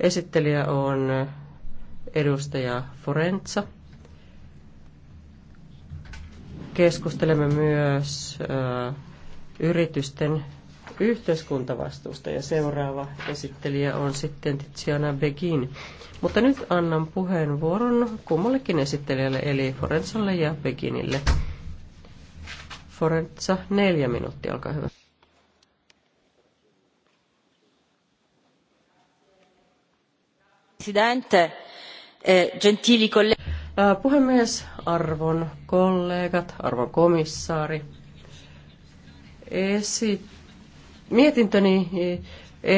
Esittelijä on edustaja Forenza. Keskustelemme myös ö, yritysten yhteiskuntavastuusta ja seuraava esittelijä on sitten Tiziana Begin. Mutta nyt annan puheenvuoron kummallekin esittelijälle eli Forensalle ja Beginille. Forenza, neljä minuuttia, olkaa hyvä. Eh, puhemies, arvon kollegat, arvon komissaari. Esi- mietintöni e,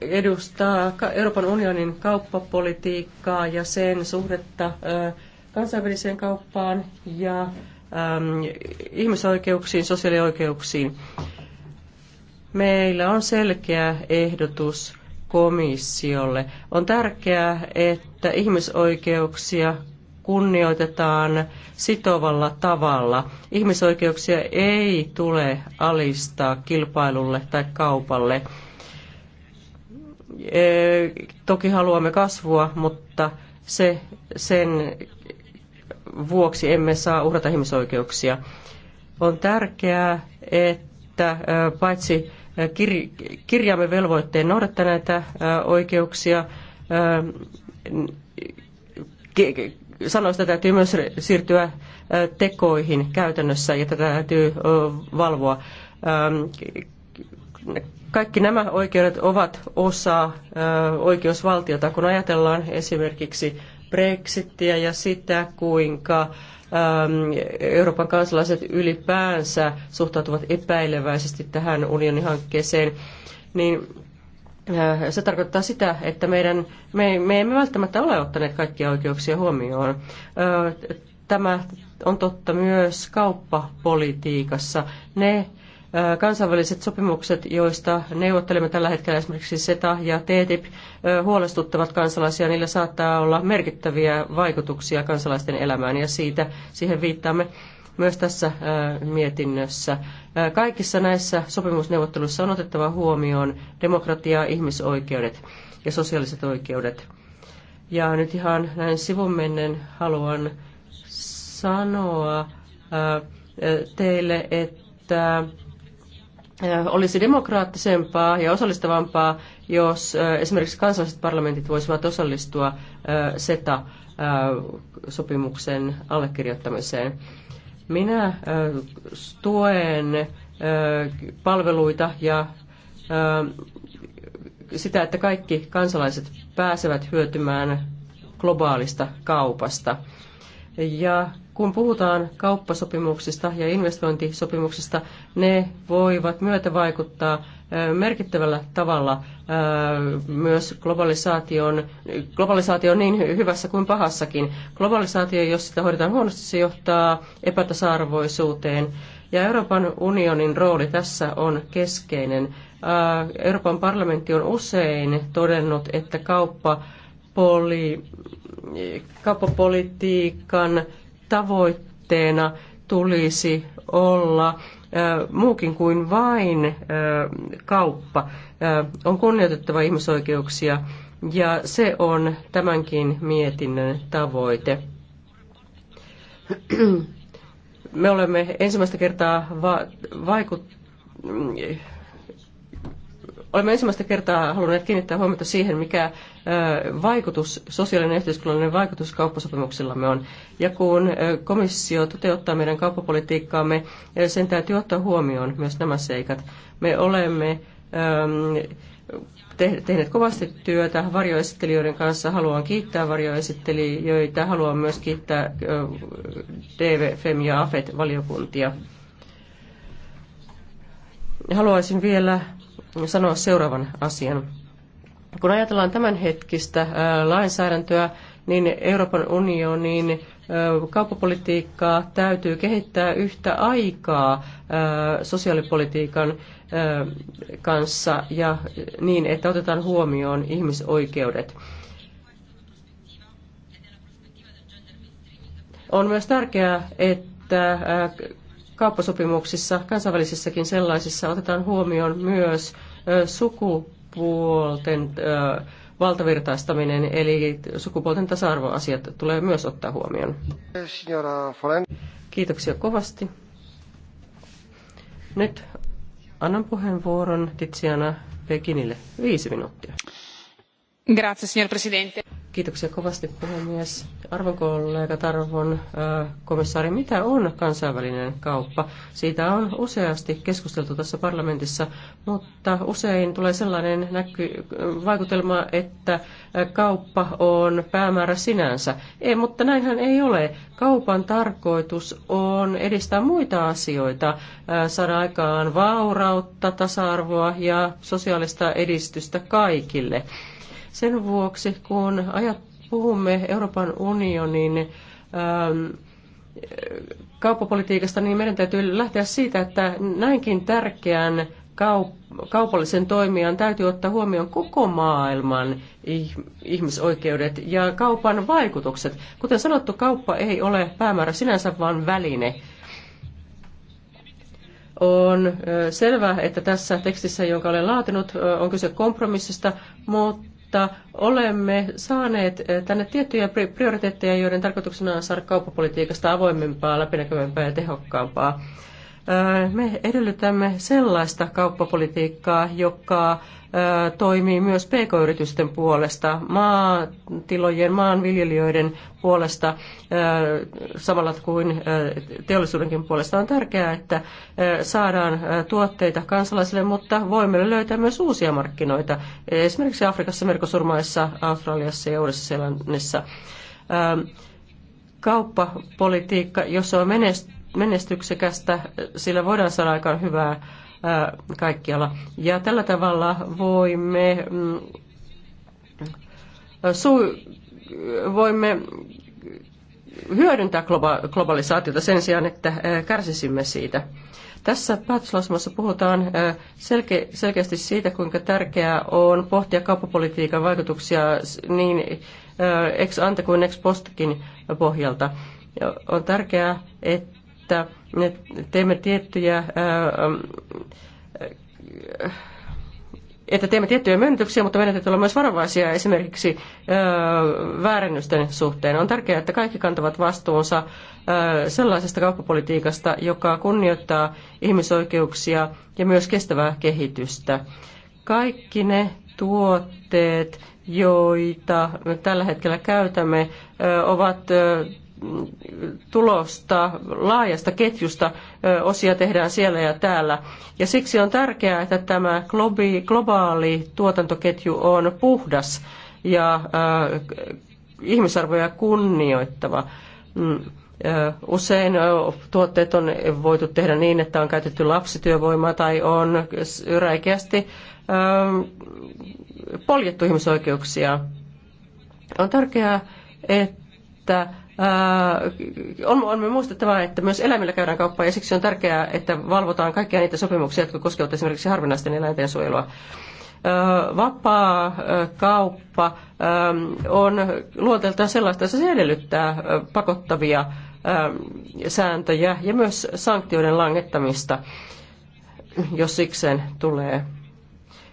edustaa Euroopan unionin kauppapolitiikkaa ja sen suhdetta kansainväliseen kauppaan ja ihmisoikeuksiin, sosiaalioikeuksiin. Meillä on selkeä ehdotus komissiolle. On tärkeää, että ihmisoikeuksia kunnioitetaan sitovalla tavalla. Ihmisoikeuksia ei tule alistaa kilpailulle tai kaupalle. E, toki haluamme kasvua, mutta se, sen vuoksi emme saa uhrata ihmisoikeuksia. On tärkeää, että e, paitsi kir, kirjaamme velvoitteen noudattaa näitä oikeuksia. Sanoista täytyy myös siirtyä tekoihin käytännössä ja tätä täytyy valvoa. Kaikki nämä oikeudet ovat osa oikeusvaltiota, kun ajatellaan esimerkiksi Brexittiä ja sitä, kuinka ähm, Euroopan kansalaiset ylipäänsä suhtautuvat epäileväisesti tähän unionin hankkeeseen, niin äh, se tarkoittaa sitä, että meidän, me, me emme välttämättä ole ottaneet kaikkia oikeuksia huomioon. Äh, tämä on totta myös kauppapolitiikassa. Ne kansainväliset sopimukset, joista neuvottelemme tällä hetkellä esimerkiksi SETA ja TTIP, e huolestuttavat kansalaisia. Niillä saattaa olla merkittäviä vaikutuksia kansalaisten elämään ja siitä siihen viittaamme myös tässä mietinnössä. Kaikissa näissä sopimusneuvotteluissa on otettava huomioon demokratia, ihmisoikeudet ja sosiaaliset oikeudet. Ja nyt ihan näin mennen haluan sanoa teille, että olisi demokraattisempaa ja osallistavampaa, jos esimerkiksi kansalliset parlamentit voisivat osallistua SETA-sopimuksen allekirjoittamiseen. Minä tuen palveluita ja sitä, että kaikki kansalaiset pääsevät hyötymään globaalista kaupasta. Ja kun puhutaan kauppasopimuksista ja investointisopimuksista, ne voivat myötävaikuttaa merkittävällä tavalla myös globalisaation, globalisaatio niin hyvässä kuin pahassakin. Globalisaatio, jos sitä hoidetaan huonosti, se johtaa epätasa-arvoisuuteen. Ja Euroopan unionin rooli tässä on keskeinen. Euroopan parlamentti on usein todennut, että kauppapoli, kauppapolitiikan tavoitteena tulisi olla muukin kuin vain kauppa. On kunnioitettava ihmisoikeuksia ja se on tämänkin mietinnön tavoite. Me olemme ensimmäistä kertaa va- vaikuttaneet olemme ensimmäistä kertaa halunneet kiinnittää huomiota siihen, mikä vaikutus, sosiaalinen ja yhteiskunnallinen vaikutus kauppasopimuksillamme on. Ja kun komissio toteuttaa meidän kauppapolitiikkaamme, sen täytyy ottaa huomioon myös nämä seikat. Me olemme tehneet kovasti työtä varjoesittelijöiden kanssa. Haluan kiittää varjoesittelijöitä. Haluan myös kiittää DV, FEM ja AFET-valiokuntia. Haluaisin vielä sanoa seuraavan asian. Kun ajatellaan tämänhetkistä äh, lainsäädäntöä, niin Euroopan unionin äh, kauppapolitiikkaa täytyy kehittää yhtä aikaa äh, sosiaalipolitiikan kanssa ja niin, että otetaan huomioon ihmisoikeudet. On myös tärkeää, että kauppasopimuksissa, kansainvälisissäkin sellaisissa, otetaan huomioon myös sukupuolten valtavirtaistaminen, eli sukupuolten tasa-arvoasiat tulee myös ottaa huomioon. Kiitoksia kovasti. Nyt annan puheenvuoron Tiziana Pekinille. Viisi minuuttia. Grazie, signor Presidente. Kiitoksia kovasti puhemies. Arvon kollega Tarvon komissaari, mitä on kansainvälinen kauppa? Siitä on useasti keskusteltu tässä parlamentissa, mutta usein tulee sellainen näky- vaikutelma, että kauppa on päämäärä sinänsä. Ei, mutta näinhän ei ole. Kaupan tarkoitus on edistää muita asioita, saada aikaan vaurautta, tasa-arvoa ja sosiaalista edistystä kaikille. Sen vuoksi, kun ajat, puhumme Euroopan unionin ähm, kauppapolitiikasta, niin meidän täytyy lähteä siitä, että näinkin tärkeän kaup- kaupallisen toimijan täytyy ottaa huomioon koko maailman ihmisoikeudet ja kaupan vaikutukset. Kuten sanottu, kauppa ei ole päämäärä sinänsä, vaan väline. On selvää, että tässä tekstissä, jonka olen laatinut, on kyse kompromissista, mutta mutta olemme saaneet eh, tänne tiettyjä prioriteetteja, joiden tarkoituksena on saada kauppapolitiikasta avoimempaa, läpinäkyvämpää ja tehokkaampaa. Eh, me edellytämme sellaista kauppapolitiikkaa, joka toimii myös pk-yritysten puolesta, maatilojen, maanviljelijöiden puolesta, samalla kuin teollisuudenkin puolesta. On tärkeää, että saadaan tuotteita kansalaisille, mutta voimme löytää myös uusia markkinoita, esimerkiksi Afrikassa, Merkosurmaissa, Australiassa ja Uudessa-Seelannissa. Kauppapolitiikka, jos se on menestyksekästä, sillä voidaan saada aikaan hyvää kaikkialla. Ja tällä tavalla voimme, mm, voimme hyödyntää globa- globalisaatiota sen sijaan, että kärsisimme siitä. Tässä päätöslausumassa puhutaan selke- selkeästi siitä, kuinka tärkeää on pohtia kauppapolitiikan vaikutuksia niin ex ante kuin ex postkin pohjalta. On tärkeää, että me teemme tiettyjä että teemme tiettyjä myönnytyksiä, mutta meidän täytyy olla myös varovaisia esimerkiksi öö, väärennysten suhteen. On tärkeää, että kaikki kantavat vastuunsa sellaisesta kauppapolitiikasta, joka kunnioittaa ihmisoikeuksia ja myös kestävää kehitystä. Kaikki ne tuotteet, joita me tällä hetkellä käytämme, ovat tulosta laajasta ketjusta, osia tehdään siellä ja täällä. Ja siksi on tärkeää, että tämä globaali tuotantoketju on puhdas ja ihmisarvoja kunnioittava. Mm, usein tuotteet on voitu tehdä niin, että on käytetty lapsityövoimaa tai on räikeästi poljettu ihmisoikeuksia. On tärkeää, että on, on muistettava, että myös eläimillä käydään kauppaa ja siksi on tärkeää, että valvotaan kaikkia niitä sopimuksia, jotka koskevat esimerkiksi harvinaisten eläinten suojelua. Vapaa kauppa on luonteeltaan sellaista, että se edellyttää pakottavia sääntöjä ja myös sanktioiden langettamista, jos sikseen tulee.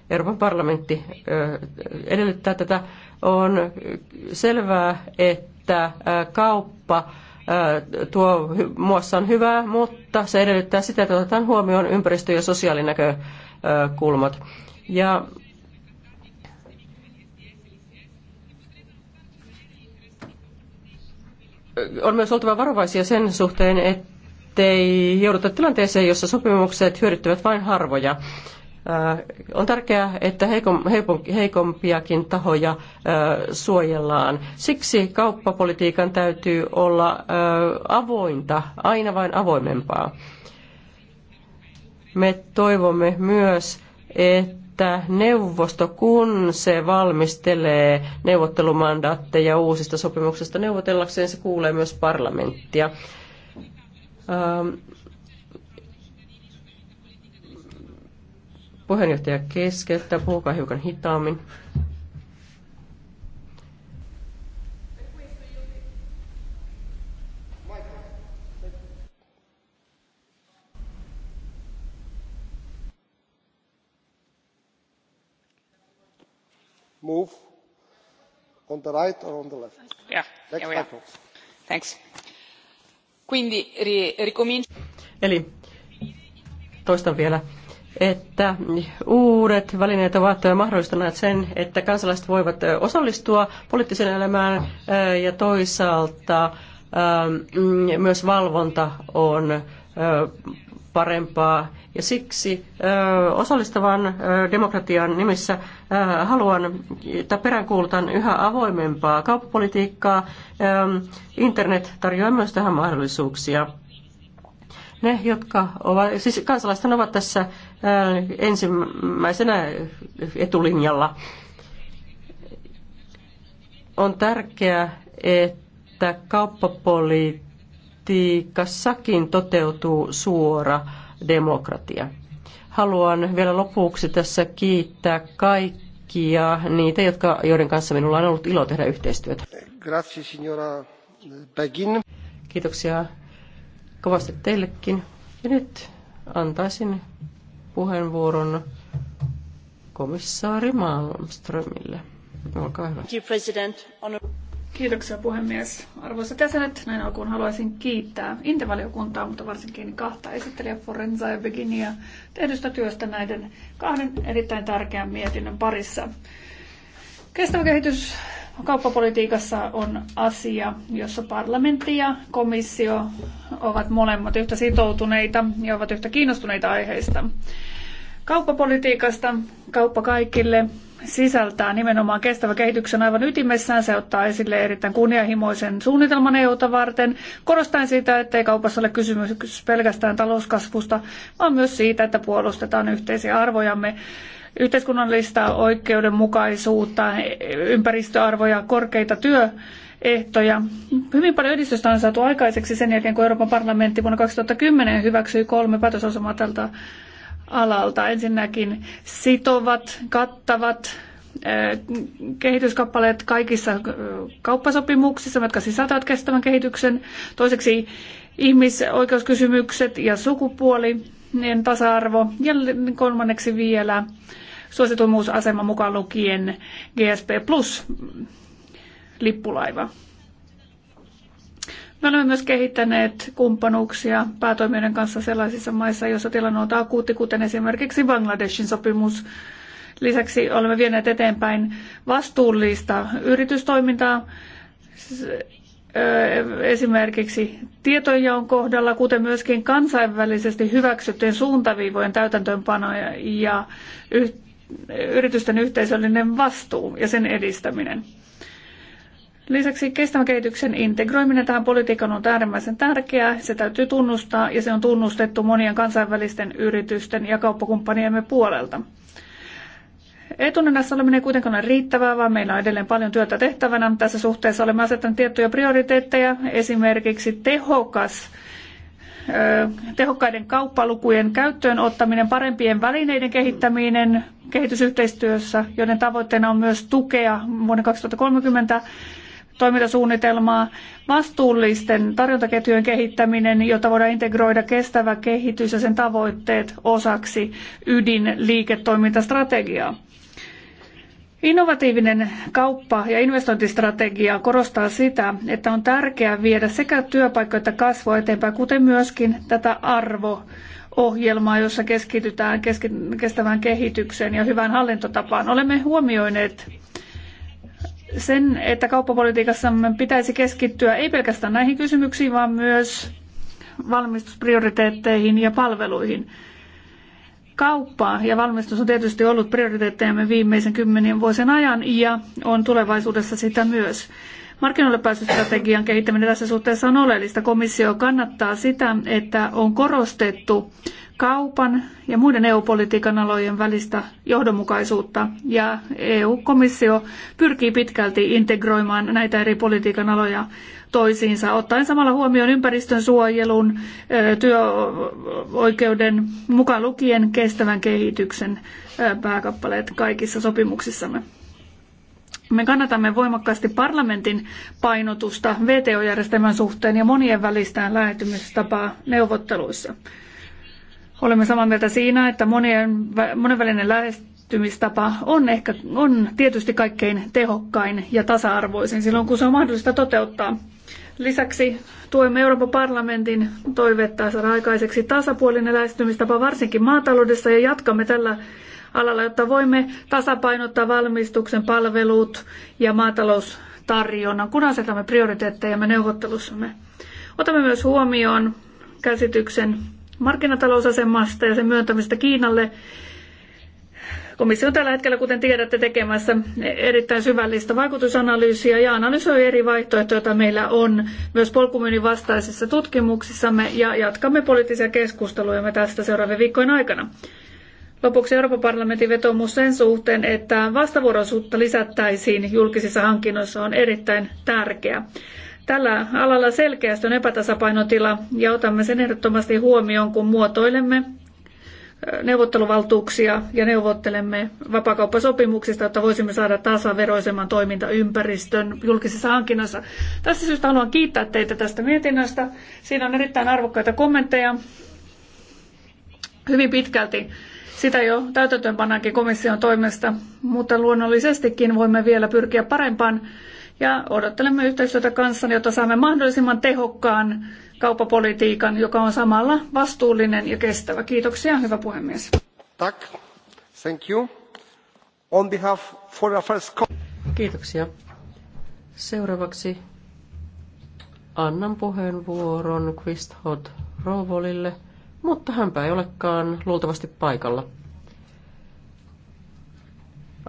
Euroopan parlamentti edellyttää tätä. On selvää, että että kauppa tuo muassa on hyvää, mutta se edellyttää sitä, että otetaan huomioon ympäristö- ja sosiaalinäkökulmat. Ja on myös oltava varovaisia sen suhteen, ettei jouduta tilanteeseen, jossa sopimukset hyödyttävät vain harvoja on tärkeää, että heikompiakin tahoja suojellaan. Siksi kauppapolitiikan täytyy olla avointa, aina vain avoimempaa. Me toivomme myös, että neuvosto, kun se valmistelee neuvottelumandaatteja uusista sopimuksista neuvotellakseen, se kuulee myös parlamenttia Puheenjohtaja keskeyttää. Puhukaa hiukan hitaammin. move on the right or on the left. Yeah, Next yeah, yeah. Thanks. Quindi ri, ricomincio. Eli toistan vielä että uudet välineet ovat mahdollistaneet sen, että kansalaiset voivat osallistua poliittiseen elämään eh, ja toisaalta eh, myös valvonta on eh, parempaa. Ja siksi osallistavan demokratian nimissä haluan, että peräänkuulutan yhä avoimempaa kauppapolitiikkaa. Internet tarjoaa myös tähän mahdollisuuksia ne, jotka ovat, siis kansalaisten ovat tässä ensimmäisenä etulinjalla. On tärkeää, että kauppapolitiikassakin toteutuu suora demokratia. Haluan vielä lopuksi tässä kiittää kaikkia niitä, jotka, joiden kanssa minulla on ollut ilo tehdä yhteistyötä. Grazie, signora Begin. Kiitoksia kovasti teillekin. Ja nyt antaisin puheenvuoron komissaari Malmströmille. Olkaa hyvä. Kiitoksia puhemies. Arvoisat jäsenet, näin alkuun haluaisin kiittää intervaliokuntaa, mutta varsinkin kahta esittelijä Forenza ja Beginia tehdystä työstä näiden kahden erittäin tärkeän mietinnön parissa. Kestävä kehitys kauppapolitiikassa on asia, jossa parlamentti ja komissio ovat molemmat yhtä sitoutuneita ja ovat yhtä kiinnostuneita aiheista. Kauppapolitiikasta kauppa kaikille sisältää nimenomaan kestävä kehityksen aivan ytimessään. Se ottaa esille erittäin kunnianhimoisen suunnitelman EUta varten. Korostaen sitä, ettei kaupassa ole kysymys pelkästään talouskasvusta, vaan myös siitä, että puolustetaan yhteisiä arvojamme yhteiskunnallista oikeudenmukaisuutta, ympäristöarvoja, korkeita työehtoja. Hyvin paljon edistystä on saatu aikaiseksi sen jälkeen, kun Euroopan parlamentti vuonna 2010 hyväksyi kolme päätösosamaa tältä alalta. Ensinnäkin sitovat, kattavat kehityskappaleet kaikissa kauppasopimuksissa, jotka sisältävät kestävän kehityksen. Toiseksi ihmisoikeuskysymykset ja sukupuolien tasa-arvo. Ja kolmanneksi vielä suosituimmuusasema mukaan lukien GSP Plus lippulaiva. Me olemme myös kehittäneet kumppanuuksia päätoimijoiden kanssa sellaisissa maissa, joissa tilanne on akuutti, kuten esimerkiksi Bangladeshin sopimus. Lisäksi olemme vieneet eteenpäin vastuullista yritystoimintaa esimerkiksi tietojaon kohdalla, kuten myöskin kansainvälisesti hyväksyttyjen suuntaviivojen täytäntöönpanoja ja yritysten yhteisöllinen vastuu ja sen edistäminen. Lisäksi kestävän kehityksen integroiminen tähän politiikkaan on äärimmäisen tärkeää. Se täytyy tunnustaa ja se on tunnustettu monien kansainvälisten yritysten ja kauppakumppaniemme puolelta. Etunenässä oleminen ei kuitenkaan ole riittävää, vaan meillä on edelleen paljon työtä tehtävänä. Tässä suhteessa olemme asettaneet tiettyjä prioriteetteja, esimerkiksi tehokas tehokkaiden kauppalukujen käyttöön ottaminen, parempien välineiden kehittäminen kehitysyhteistyössä, joiden tavoitteena on myös tukea vuoden 2030 toimintasuunnitelmaa, vastuullisten tarjontaketjujen kehittäminen, jotta voidaan integroida kestävä kehitys ja sen tavoitteet osaksi ydinliiketoimintastrategiaa. Innovatiivinen kauppa- ja investointistrategia korostaa sitä, että on tärkeää viedä sekä työpaikkoja että kasvua eteenpäin, kuten myöskin tätä arvo-ohjelmaa, jossa keskitytään kestävään kehitykseen ja hyvään hallintotapaan. Olemme huomioineet sen, että kauppapolitiikassamme pitäisi keskittyä ei pelkästään näihin kysymyksiin, vaan myös valmistusprioriteetteihin ja palveluihin. Kauppa ja valmistus on tietysti ollut prioriteettejamme viimeisen kymmenien vuosien ajan ja on tulevaisuudessa sitä myös. Markkinoille pääsystrategian kehittäminen tässä suhteessa on oleellista. Komissio kannattaa sitä, että on korostettu kaupan ja muiden EU-politiikan alojen välistä johdonmukaisuutta ja EU-komissio pyrkii pitkälti integroimaan näitä eri politiikan aloja toisiinsa, ottaen samalla huomioon ympäristön suojelun, työoikeuden, mukaan lukien kestävän kehityksen pääkappaleet kaikissa sopimuksissamme. Me kannatamme voimakkaasti parlamentin painotusta VTO-järjestelmän suhteen ja monien välistä lähetymistapaa neuvotteluissa. Olemme samaa mieltä siinä, että monien, monenvälinen lähestymistapa on, ehkä, on tietysti kaikkein tehokkain ja tasa-arvoisin silloin, kun se on mahdollista toteuttaa. Lisäksi tuemme Euroopan parlamentin toivetta saada aikaiseksi tasapuolinen lähestymistapa varsinkin maataloudessa ja jatkamme tällä alalla, jotta voimme tasapainottaa valmistuksen palvelut ja maataloustarjonnan, kun asetamme prioriteettejamme neuvottelussamme. Otamme myös huomioon käsityksen markkinatalousasemasta ja sen myöntämistä Kiinalle. Komissio on tällä hetkellä, kuten tiedätte, tekemässä erittäin syvällistä vaikutusanalyysiä ja analysoi eri vaihtoehtoja, joita meillä on myös polkumyynnin vastaisissa tutkimuksissamme ja jatkamme poliittisia keskusteluja tästä seuraavien viikkojen aikana. Lopuksi Euroopan parlamentin vetomus sen suhteen, että vastavuoroisuutta lisättäisiin julkisissa hankinnoissa on erittäin tärkeä. Tällä alalla selkeästi on epätasapainotila ja otamme sen ehdottomasti huomioon, kun muotoilemme neuvotteluvaltuuksia ja neuvottelemme vapakauppasopimuksista, jotta voisimme saada tasaveroisemman toimintaympäristön julkisissa hankinnoissa. Tästä syystä haluan kiittää teitä tästä mietinnöstä. Siinä on erittäin arvokkaita kommentteja. Hyvin pitkälti sitä jo täytäntöönpannaankin komission toimesta, mutta luonnollisestikin voimme vielä pyrkiä parempaan ja odottelemme yhteistyötä kanssani, jotta saamme mahdollisimman tehokkaan kauppapolitiikan, joka on samalla vastuullinen ja kestävä. Kiitoksia, hyvä puhemies. Tak. Thank you. On behalf for first. Kiitoksia. Seuraavaksi annan puheenvuoron Quist Hot Rovolille, mutta hänpä ei olekaan luultavasti paikalla.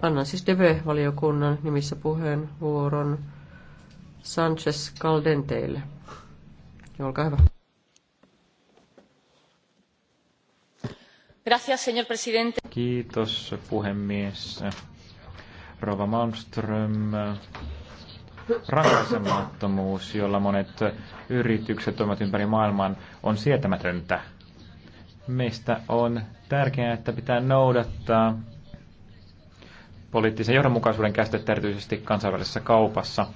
Annan siis deve valiokunnan nimissä puheenvuoron Sanchez Caldenteille. Olkaa hyvä. Gracias, señor presidente. Kiitos, puhemies. Rova Malmström, rankaisemattomuus, jolla monet yritykset toimivat ympäri maailman, on sietämätöntä. Meistä on tärkeää, että pitää noudattaa poliittisen johdonmukaisuuden käsitettä erityisesti kansainvälisessä kaupassa.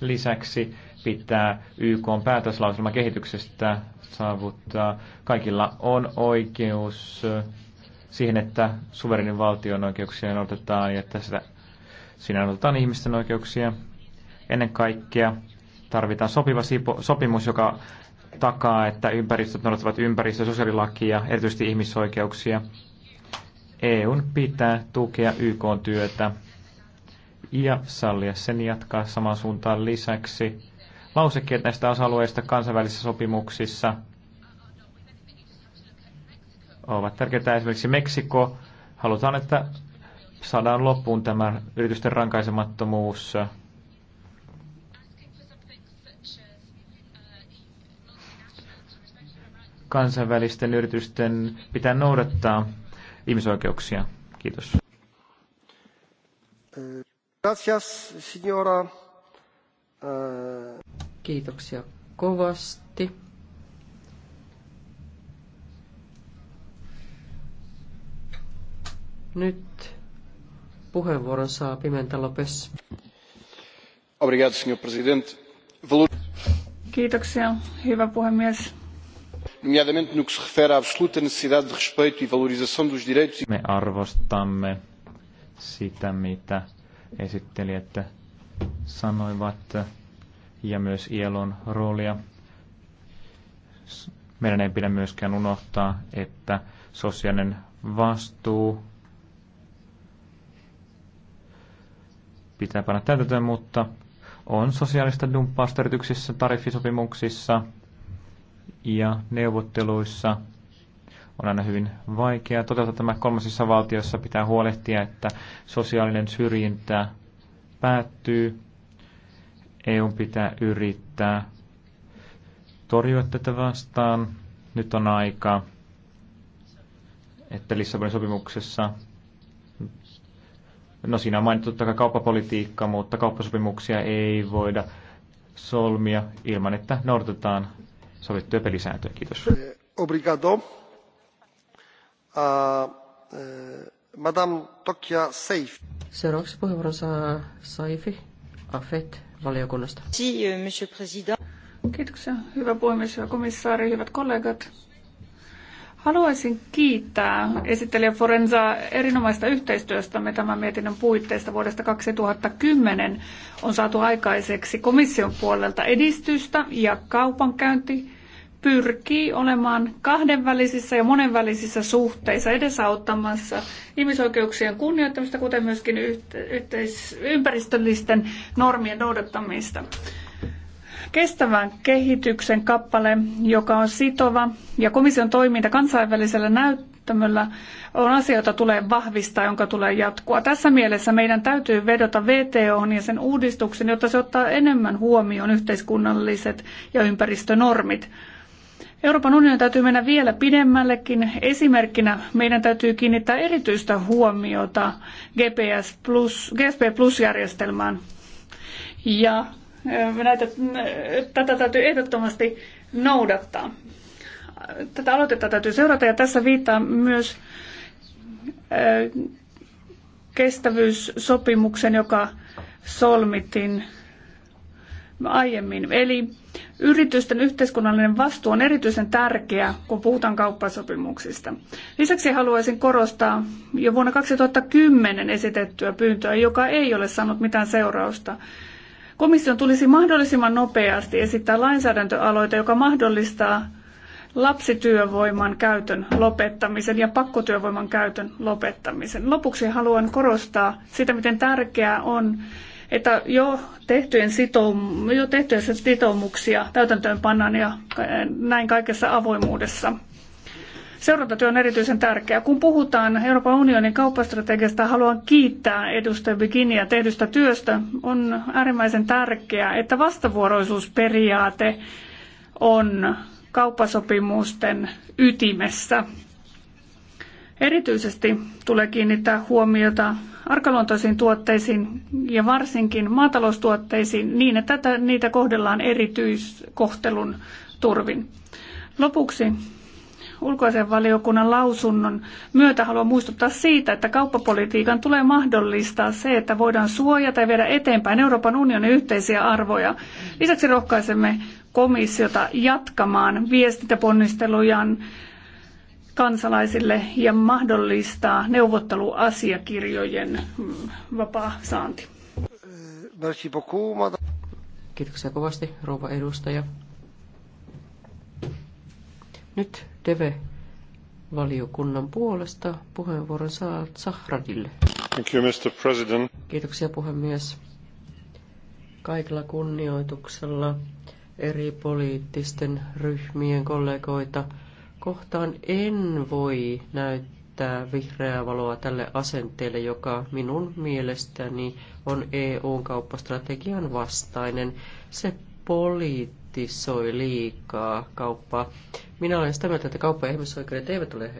Lisäksi pitää YK päätöslauselma kehityksestä saavuttaa. Kaikilla on oikeus siihen, että suverenin valtion oikeuksia noudatetaan ja että sitä, siinä noudatetaan ihmisten oikeuksia. Ennen kaikkea tarvitaan sopiva sopimus, joka takaa, että ympäristöt noudattavat ympäristö- ja sosiaalilakia, erityisesti ihmisoikeuksia. EUn pitää tukea YK-työtä ja sallia sen jatkaa samaan suuntaan lisäksi lausekkeet näistä osa-alueista kansainvälisissä sopimuksissa ovat tärkeitä. Esimerkiksi Meksiko. Halutaan, että saadaan loppuun tämä yritysten rankaisemattomuus. Kansainvälisten yritysten pitää noudattaa ihmisoikeuksia. Kiitos. Gracias, signora. Kiitoksia kovasti. Nyt puheenvuoron saa Pimenta Lopes. Obrigado, senhor presidente. Kiitoksia, hyvä puhemies nomeadamente no que se refere à absoluta necessidade de respeito e valorização dos direitos. E Me arvostamme sitä, mitä esittelijät sanoivat ja myös ILOn roolia. Meidän ei pidä myöskään unohtaa, että sosiaalinen vastuu pitää panna täytäntöön, mutta on sosiaalista dumppausta yrityksissä, tariffisopimuksissa – ja neuvotteluissa on aina hyvin vaikea toteuttaa tämä kolmasissa valtiossa. Pitää huolehtia, että sosiaalinen syrjintä päättyy. EU pitää yrittää torjua tätä vastaan. Nyt on aika, että Lissabonin sopimuksessa No siinä on mainittu totta kai kauppapolitiikka, mutta kauppasopimuksia ei voida solmia ilman, että noudatetaan sovittuja pelisääntöjä. Kiitos. Eh, obrigado. Uh, Madame Tokia Seif. Seuraavaksi puheenvuoron saa Saifi Afet valiokunnasta. Si, eh, monsieur président. Kiitoksia. Hyvä puhemies, hyvä komissaari, hyvät kollegat. Haluaisin kiittää esittelijä Forenza erinomaista yhteistyöstä me tämän mietinnön puitteista vuodesta 2010 on saatu aikaiseksi komission puolelta edistystä ja kaupankäynti pyrkii olemaan kahdenvälisissä ja monenvälisissä suhteissa edesauttamassa ihmisoikeuksien kunnioittamista, kuten myöskin yhteis- ympäristöllisten normien noudattamista. Kestävän kehityksen kappale, joka on sitova, ja komission toiminta kansainvälisellä näyttämöllä on asia, jota tulee vahvistaa, jonka tulee jatkua. Tässä mielessä meidän täytyy vedota VTOhon ja sen uudistuksen, jotta se ottaa enemmän huomioon yhteiskunnalliset ja ympäristönormit. Euroopan unionin täytyy mennä vielä pidemmällekin. Esimerkkinä meidän täytyy kiinnittää erityistä huomiota GPS plus, GSP Plus-järjestelmään. Ja näitä, tätä täytyy ehdottomasti noudattaa. Tätä aloitetta täytyy seurata ja tässä viittaa myös kestävyyssopimuksen, joka solmittiin aiemmin. Eli yritysten yhteiskunnallinen vastuu on erityisen tärkeä, kun puhutaan kauppasopimuksista. Lisäksi haluaisin korostaa jo vuonna 2010 esitettyä pyyntöä, joka ei ole saanut mitään seurausta. Komission tulisi mahdollisimman nopeasti esittää lainsäädäntöaloite, joka mahdollistaa lapsityövoiman käytön lopettamisen ja pakkotyövoiman käytön lopettamisen. Lopuksi haluan korostaa sitä, miten tärkeää on, että jo tehtyjen, sitoum- jo tehtyjä sitoumuksia täytäntöön pannaan ja näin kaikessa avoimuudessa. Seurantatyö on erityisen tärkeää. Kun puhutaan Euroopan unionin kauppastrategiasta, haluan kiittää edustaja Bikiniä tehdystä työstä. On äärimmäisen tärkeää, että vastavuoroisuusperiaate on kauppasopimusten ytimessä. Erityisesti tulee kiinnittää huomiota arkaluontoisiin tuotteisiin ja varsinkin maataloustuotteisiin niin, että tätä, niitä kohdellaan erityiskohtelun turvin. Lopuksi ulkoisen valiokunnan lausunnon myötä haluan muistuttaa siitä, että kauppapolitiikan tulee mahdollistaa se, että voidaan suojata ja viedä eteenpäin Euroopan unionin yhteisiä arvoja. Lisäksi rohkaisemme komissiota jatkamaan viestintäponnistelujaan kansalaisille ja mahdollistaa neuvotteluasiakirjojen mm, vapaa saanti. Kiitoksia kovasti, rouva edustaja. Nyt Deve valiokunnan puolesta puheenvuoron saa Zahradille. Thank you, Mr. President. Kiitoksia puhemies. kaikilla kunnioituksella eri poliittisten ryhmien kollegoita kohtaan en voi näyttää vihreää valoa tälle asenteelle, joka minun mielestäni on EUn kauppastrategian vastainen. Se politisoi liikaa kauppaa. Minä olen sitä mieltä, että kauppa ja ihmisoikeudet eivät ole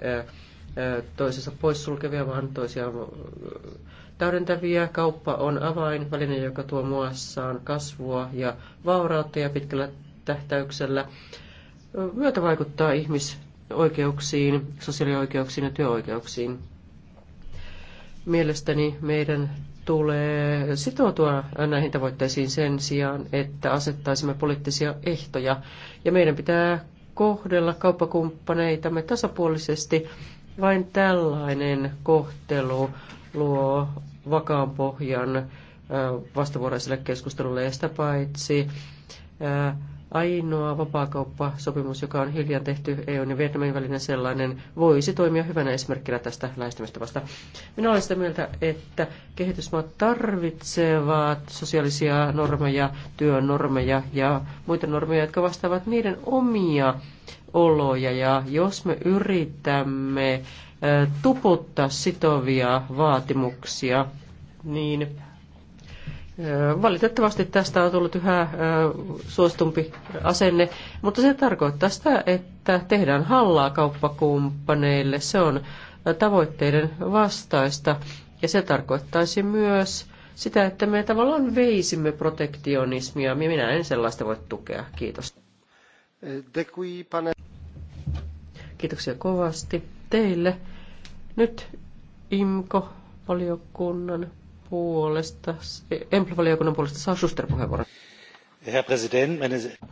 toisensa poissulkevia, vaan toisiaan täydentäviä. Kauppa on avainväline, joka tuo muassaan kasvua ja vaurautta ja pitkällä tähtäyksellä myötä vaikuttaa ihmis, oikeuksiin, sosiaalioikeuksiin ja työoikeuksiin. Mielestäni meidän tulee sitoutua näihin tavoitteisiin sen sijaan, että asettaisimme poliittisia ehtoja. Ja meidän pitää kohdella kauppakumppaneitamme tasapuolisesti. Vain tällainen kohtelu luo vakaan pohjan vastavuoroiselle keskustelulle ja sitä paitsi Ainoa vapaakauppasopimus, joka on hiljaa tehty EUn ja Vietnamin välinen sellainen, voisi toimia hyvänä esimerkkinä tästä lähestymistavasta. Minä olen sitä mieltä, että kehitysmaat tarvitsevat sosiaalisia normeja, työnormeja ja muita normeja, jotka vastaavat niiden omia oloja. Ja jos me yritämme tuputtaa sitovia vaatimuksia, niin Valitettavasti tästä on tullut yhä suostumpi asenne, mutta se tarkoittaa sitä, että tehdään hallaa kauppakumppaneille. Se on tavoitteiden vastaista ja se tarkoittaisi myös sitä, että me tavallaan veisimme protektionismia. Minä en sellaista voi tukea. Kiitos. Kiitoksia kovasti teille. Nyt IMKO-valiokunnan puolesta, Emplovaliokunnan puolesta saa Schuster puheenvuoron.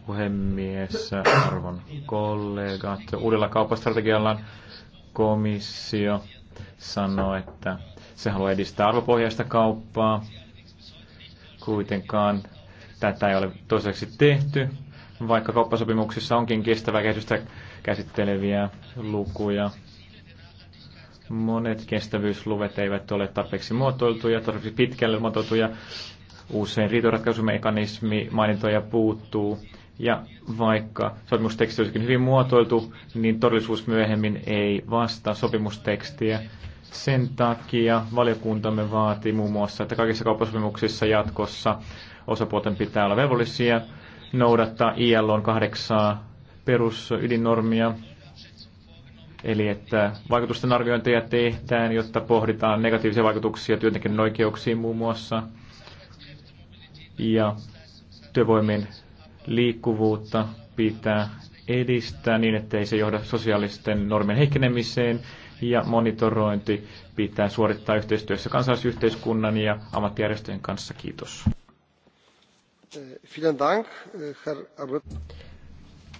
Puhemies, arvon kollegat, uudella kauppastrategiallaan komissio sanoo, että se haluaa edistää arvopohjaista kauppaa. Kuitenkaan tätä ei ole toiseksi tehty, vaikka kauppasopimuksissa onkin kestävää kehitystä käsitteleviä lukuja Monet kestävyysluvet eivät ole tarpeeksi muotoiltuja, tarpeeksi pitkälle muotoiltuja. Usein riitoratkaisumekanismi mainintoja puuttuu. Ja vaikka sopimusteksti olisikin hyvin muotoiltu, niin todellisuus myöhemmin ei vastaa sopimustekstiä. Sen takia valiokuntamme vaatii muun muassa, että kaikissa kauppasopimuksissa jatkossa osapuolten pitää olla velvollisia noudattaa ILOn kahdeksaa perusydinnormia, Eli että vaikutusten arviointeja tehdään, jotta pohditaan negatiivisia vaikutuksia työntekijän oikeuksiin muun muassa ja työvoimien liikkuvuutta pitää edistää niin, ettei se johda sosiaalisten normien heikkenemiseen ja monitorointi pitää suorittaa yhteistyössä kansalaisyhteiskunnan ja ammattijärjestöjen kanssa. Kiitos.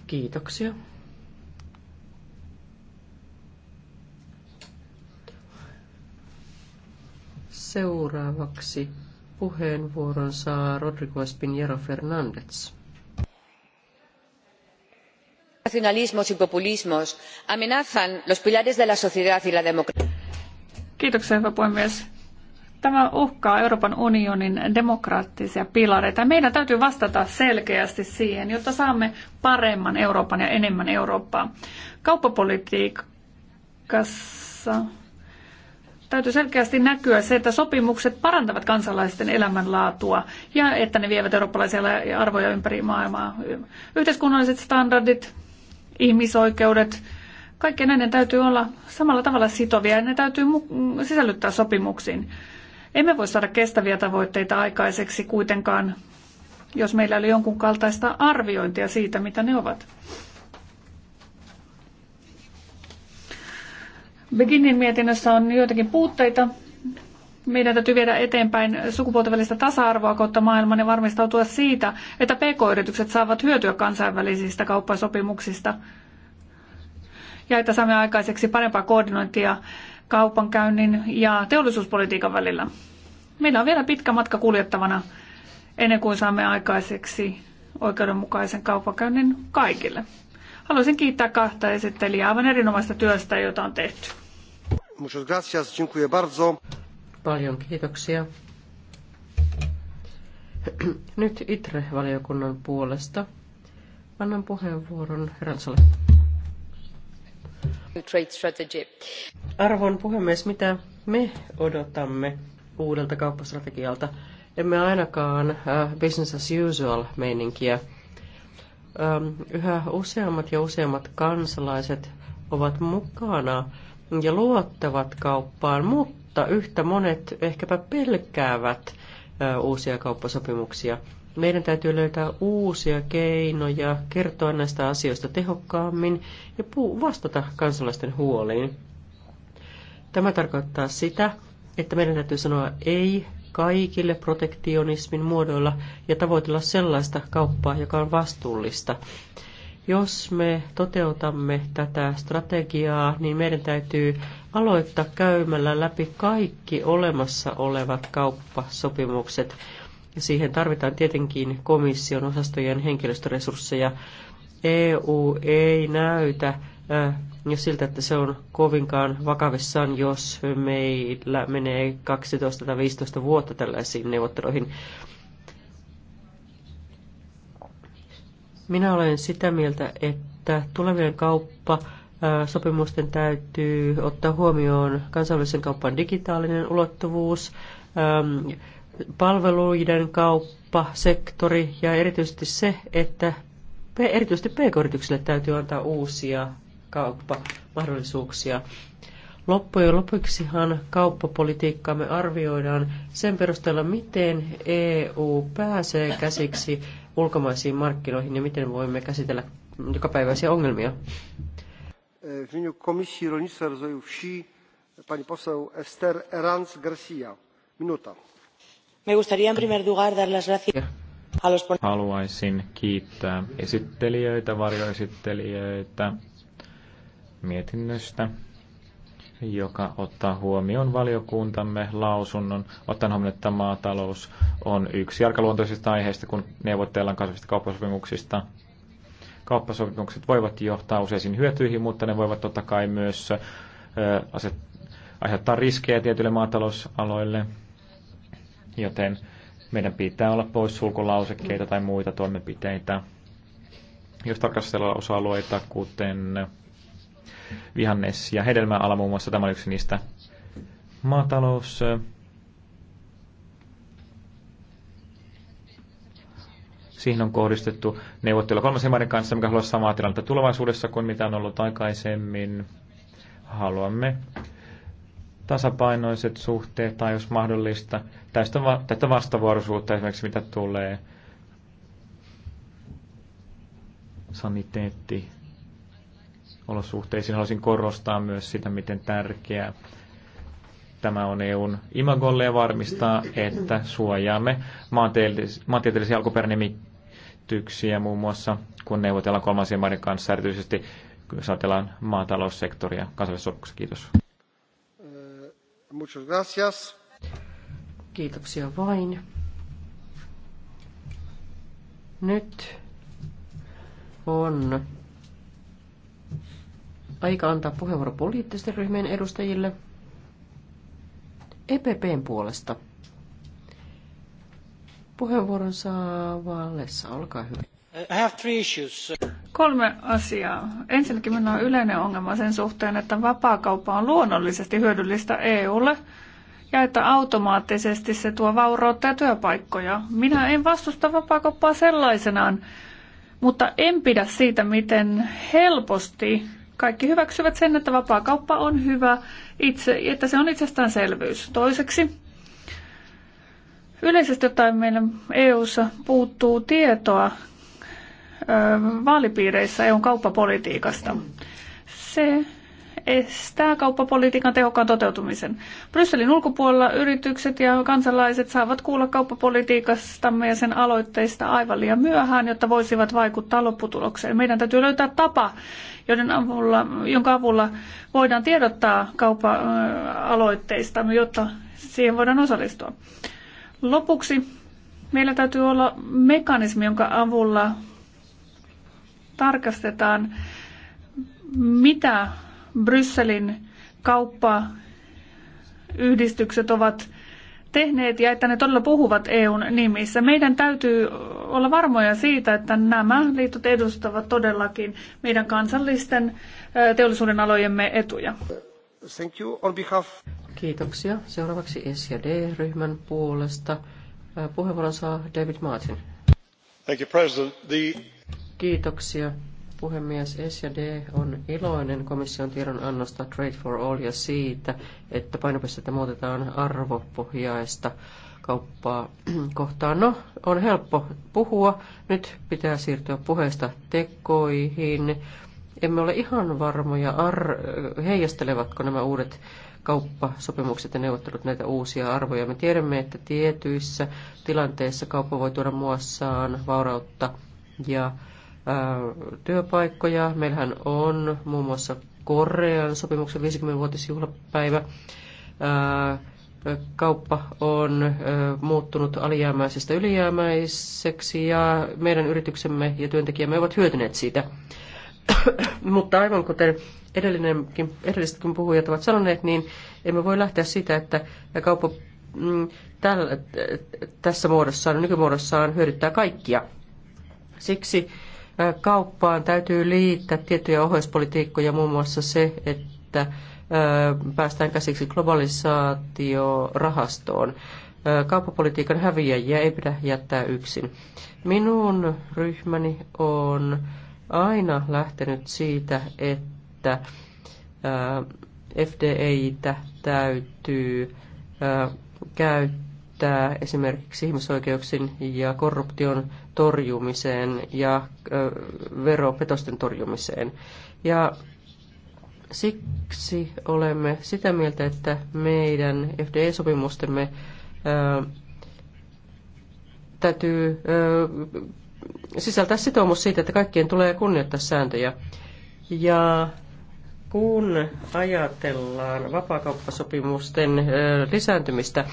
Kiitoksia. Seuraavaksi puheenvuoron saa Rodrigo Espinero Fernandez. Nacionalismos y populismos amenazan los pilares de la sociedad y la democracia. Kiitoksia, hyvä puhemies. Tämä uhkaa Euroopan unionin demokraattisia pilareita. Meidän täytyy vastata selkeästi siihen, jotta saamme paremman Euroopan ja enemmän Eurooppaa. Kauppapolitiikassa täytyy selkeästi näkyä se, että sopimukset parantavat kansalaisten elämänlaatua ja että ne vievät eurooppalaisia arvoja ympäri maailmaa. Yhteiskunnalliset standardit, ihmisoikeudet, kaikkien näiden täytyy olla samalla tavalla sitovia ja ne täytyy sisällyttää sopimuksiin. Emme voi saada kestäviä tavoitteita aikaiseksi kuitenkaan, jos meillä oli jonkun kaltaista arviointia siitä, mitä ne ovat. Beginnin mietinnössä on joitakin puutteita. Meidän täytyy viedä eteenpäin sukupuolten välistä tasa-arvoa kautta maailman ja varmistautua siitä, että pk-yritykset saavat hyötyä kansainvälisistä kauppasopimuksista ja että saamme aikaiseksi parempaa koordinointia kaupankäynnin ja teollisuuspolitiikan välillä. Meillä on vielä pitkä matka kuljettavana ennen kuin saamme aikaiseksi oikeudenmukaisen kaupankäynnin kaikille. Haluaisin kiittää kahta esittelijää aivan erinomaista työstä, jota on tehty. Muchas gracias, dziękuję bardzo. Paljon kiitoksia. Nyt ITRE-valiokunnan puolesta annan puheenvuoron Ransalle. Arvon puhemies, mitä me odotamme uudelta kauppastrategialta? Emme ainakaan uh, business as usual meininkiä. Um, yhä useammat ja useammat kansalaiset ovat mukana ja luottavat kauppaan, mutta yhtä monet ehkäpä pelkäävät uusia kauppasopimuksia. Meidän täytyy löytää uusia keinoja, kertoa näistä asioista tehokkaammin ja vastata kansalaisten huoliin. Tämä tarkoittaa sitä, että meidän täytyy sanoa ei kaikille protektionismin muodoilla ja tavoitella sellaista kauppaa, joka on vastuullista. Jos me toteutamme tätä strategiaa, niin meidän täytyy aloittaa käymällä läpi kaikki olemassa olevat kauppasopimukset. Siihen tarvitaan tietenkin komission osastojen henkilöstöresursseja. EU ei näytä ja siltä, että se on kovinkaan vakavissaan, jos meillä menee 12 tai 15 vuotta tällaisiin neuvotteluihin. Minä olen sitä mieltä, että tulevien kauppa sopimusten täytyy ottaa huomioon kansainvälisen kaupan digitaalinen ulottuvuus, ähm, palveluiden kauppa, sektori ja erityisesti se, että erityisesti pk-yrityksille täytyy antaa uusia kauppamahdollisuuksia. Loppujen lopuksihan kauppapolitiikkaamme arvioidaan sen perusteella, miten EU pääsee käsiksi ulkomaisiin markkinoihin ja miten voimme käsitellä jokapäiväisiä ongelmia. W imieniu Komisji Rolnictwa i Rozwoju Wsi pani poseł Esther Erans Garcia. Minuta. Me gustaría en primer lugar dar las gracias. Haluaisin kiittää esittelijöitä, varjoesittelijöitä mietinnöstä joka ottaa huomioon valiokuntamme lausunnon, ottaen huomioon, että maatalous on yksi arkaluontoisista aiheista, kun neuvotellaan kasvavista kauppasopimuksista. Kauppasopimukset voivat johtaa useisiin hyötyihin, mutta ne voivat totta kai myös aset, aiheuttaa riskejä tietyille maatalousaloille, joten meidän pitää olla pois sulkulausekkeita tai muita toimenpiteitä. Jos tarkastellaan osa-alueita, kuten vihannes- ja hedelmäala muun muassa. Tämä oli yksi niistä. Maatalous siihen on kohdistettu neuvottelu kolmasen maiden kanssa, mikä haluaa samaa tilannetta tulevaisuudessa kuin mitä on ollut aikaisemmin. Haluamme tasapainoiset suhteet tai jos mahdollista tästä, tätä vastavuoroisuutta esimerkiksi mitä tulee saniteetti olosuhteisiin. Haluaisin korostaa myös sitä, miten tärkeää tämä on EUn imagolle ja varmistaa, että suojaamme maantieteellisiä alkuperänimityksiä muun muassa, kun neuvotellaan kolmansien maiden kanssa, erityisesti kun ajatellaan maataloussektoria kansallisessa Kiitos. Kiitoksia vain. Nyt on aika antaa puheenvuoro poliittisten ryhmien edustajille. EPPn puolesta. Puheenvuoron saa Vallessa, olkaa hyvä. I have three issues. Kolme asiaa. Ensinnäkin minulla on yleinen ongelma sen suhteen, että vapaakauppa on luonnollisesti hyödyllistä EUlle ja että automaattisesti se tuo vaurautta ja työpaikkoja. Minä en vastusta vapaakauppaa sellaisenaan, mutta en pidä siitä, miten helposti kaikki hyväksyvät sen, että vapaa kauppa on hyvä, itse, että se on itsestäänselvyys. Toiseksi, yleisesti ottaen meillä EU:ssa puuttuu tietoa vaalipiireissä eu kauppapolitiikasta. Se estää kauppapolitiikan tehokkaan toteutumisen. Brysselin ulkopuolella yritykset ja kansalaiset saavat kuulla kauppapolitiikastamme ja sen aloitteista aivan liian myöhään, jotta voisivat vaikuttaa lopputulokseen. Meidän täytyy löytää tapa, joiden avulla, jonka avulla voidaan tiedottaa kauppa-aloitteista, jotta siihen voidaan osallistua. Lopuksi meillä täytyy olla mekanismi, jonka avulla tarkastetaan, mitä Brysselin kauppayhdistykset ovat tehneet ja että ne todella puhuvat EUn nimissä. Meidän täytyy olla varmoja siitä, että nämä liitot edustavat todellakin meidän kansallisten teollisuuden alojemme etuja. Thank you on behalf... Kiitoksia. Seuraavaksi SJD-ryhmän puolesta puheenvuoron saa David Martin. Thank you, President. The... Kiitoksia puhemies. SD on iloinen komission annosta Trade for All ja siitä, että painopistettä muutetaan arvopohjaista kauppaa kohtaan. No, on helppo puhua. Nyt pitää siirtyä puheesta tekoihin. Emme ole ihan varmoja, ar- heijastelevatko nämä uudet kauppasopimukset ja neuvottelut näitä uusia arvoja. Me tiedämme, että tietyissä tilanteissa kauppa voi tuoda muassaan vaurautta ja Äh, työpaikkoja. Meillähän on muun muassa Korean sopimuksen 50-vuotisjuhlapäivä. Äh, kauppa on äh, muuttunut alijäämäisestä ylijäämäiseksi ja meidän yrityksemme ja työntekijämme ovat hyötyneet siitä. Mutta aivan kuten edellinenkin, edellisetkin puhujat ovat sanoneet, niin emme voi lähteä siitä, että kauppa mm, tällä, tässä muodossaan, nykymuodossaan hyödyttää kaikkia. Siksi kauppaan täytyy liittää tiettyjä ohjauspolitiikkoja, muun muassa se, että päästään käsiksi globalisaatiorahastoon. Kauppapolitiikan häviäjiä ei pidä jättää yksin. Minun ryhmäni on aina lähtenyt siitä, että FDEitä täytyy käyttää esimerkiksi ihmisoikeuksien ja korruption torjumiseen ja veropetosten torjumiseen. Ja siksi olemme sitä mieltä, että meidän FDE-sopimustemme täytyy sisältää sitoumus siitä, että kaikkien tulee kunnioittaa sääntöjä. Ja kun ajatellaan vapaakauppasopimusten lisääntymistä,